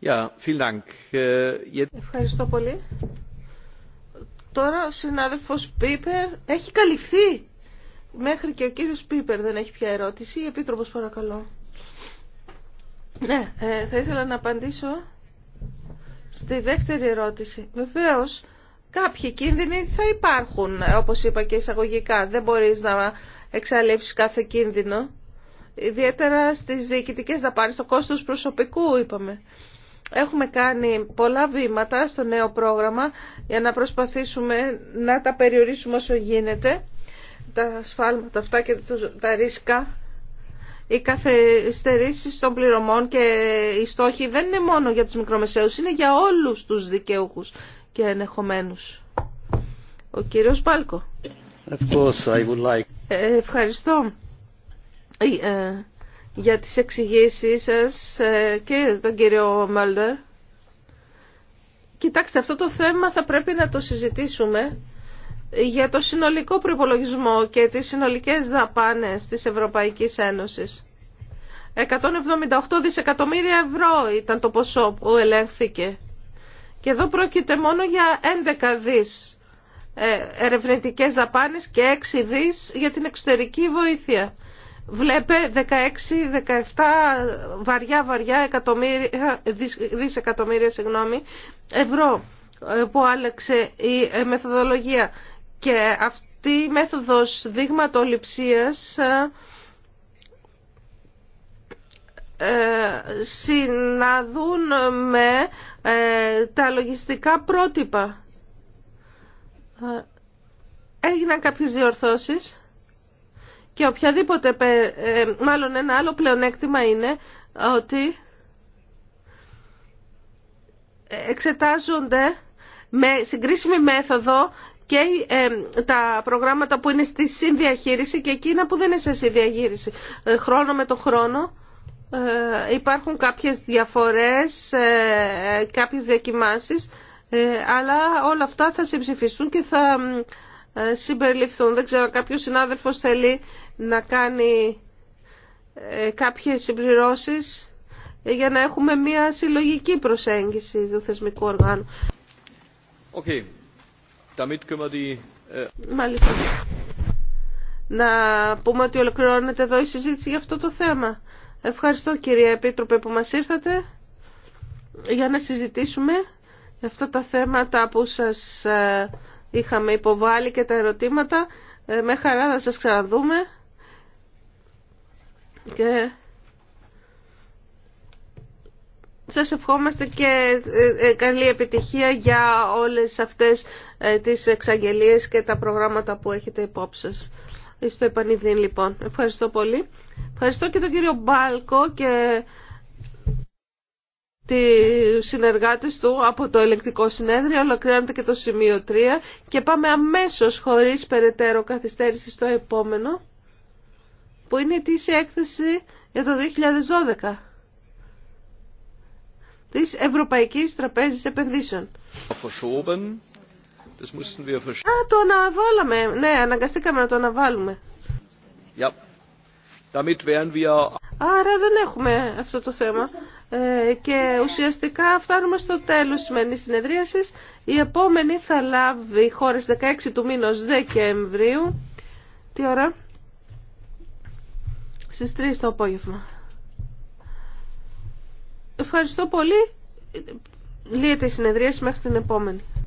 Äh, Ευχαριστώ πολύ. Τώρα ο συνάδελφος Πίπερ έχει καλυφθεί. Μέχρι και ο κύριος Πίπερ δεν έχει πια ερώτηση. Επίτροπος παρακαλώ. Ναι, ε, θα ήθελα να απαντήσω στη δεύτερη ερώτηση. Βεβαίως, κάποιοι κίνδυνοι θα υπάρχουν, όπως είπα και εισαγωγικά. Δεν μπορείς να εξαλείψεις κάθε κίνδυνο. Ιδιαίτερα στις διοικητικές δαπάνες, το κόστος προσωπικού είπαμε. Έχουμε κάνει πολλά βήματα στο νέο πρόγραμμα για να προσπαθήσουμε να τα περιορίσουμε όσο γίνεται, τα σφάλματα αυτά και τα ρίσκα. Οι καθυστερήσεις των πληρωμών και οι στόχοι δεν είναι μόνο για τους μικρομεσαίους, είναι για όλους τους δικαιούχους και ενεχομένους. Ο κύριος Πάλκο. Of course I would like. Ε, ευχαριστώ. Ε, ε, για τις εξηγήσεις σας ε, και τον κύριο Μόλτερ. Κοιτάξτε, αυτό το θέμα θα πρέπει να το συζητήσουμε για το συνολικό προπολογισμό και τις συνολικές δαπάνες της Ευρωπαϊκής Ένωσης. 178 δισεκατομμύρια ευρώ ήταν το ποσό που ελέγχθηκε. Και εδώ πρόκειται μόνο για 11 δις ε, ερευνητικές δαπάνες και 6 δις για την εξωτερική βοήθεια βλέπε 16-17 βαριά βαριά εκατομμύρια, δισεκατομμύρια ευρώ ε, που άλλαξε η ε, μεθοδολογία και αυτή η μέθοδος δείγματοληψίας ε, συναδούν με τα λογιστικά πρότυπα. Έγιναν κάποιες διορθώσεις και οποιαδήποτε, ε, μάλλον ένα άλλο πλεονέκτημα είναι ότι εξετάζονται με συγκρίσιμη μέθοδο και ε, τα προγράμματα που είναι στη συνδιαχείριση και εκείνα που δεν είναι σε συνδιαχείριση. Ε, χρόνο με το χρόνο υπάρχουν κάποιες διαφορές, κάποιες διακοιμάνσεις, αλλά όλα αυτά θα συμψηφιστούν και θα ε, συμπεριληφθούν. Δεν ξέρω, κάποιος συνάδελφος θέλει να κάνει ε, κάποιες συμπληρώσεις ε, για να έχουμε μια συλλογική προσέγγιση του θεσμικού οργάνου. Okay. Damit Μάλιστα. Να πούμε ότι ολοκληρώνεται εδώ η συζήτηση για αυτό το θέμα. Ευχαριστώ κύριε Επίτροπε που μας ήρθατε για να συζητήσουμε αυτά τα θέματα που σας είχαμε υποβάλει και τα ερωτήματα. Ε, με χαρά να σας ξαναδούμε. Και... Σας ευχόμαστε και ε, ε, καλή επιτυχία για όλες αυτές τις εξαγγελίες και τα προγράμματα που έχετε υπόψη σας. Στο επανειδήν λοιπόν. Ευχαριστώ πολύ. Ευχαριστώ και τον κύριο Μπάλκο και τη συνεργάτες του από το ελεκτικό συνέδριο. Ολοκληρώνεται και το σημείο 3 και πάμε αμέσως χωρίς περαιτέρω καθυστέρηση στο επόμενο που είναι η ετήσια έκθεση για το 2012 της Ευρωπαϊκής Τραπέζης Επενδύσεων. Α, το αναβάλαμε. Ναι, αναγκαστήκαμε να το αναβάλουμε. wir... Άρα δεν έχουμε αυτό το θέμα. Ε, και ουσιαστικά φτάνουμε στο τέλος της σημερινής συνεδρίασης. Η επόμενη θα λάβει χώρες 16 του μήνος Δεκεμβρίου. Τι ώρα? Στις 3 το απόγευμα. Ευχαριστώ πολύ. Λύεται η συνεδρίαση μέχρι την επόμενη.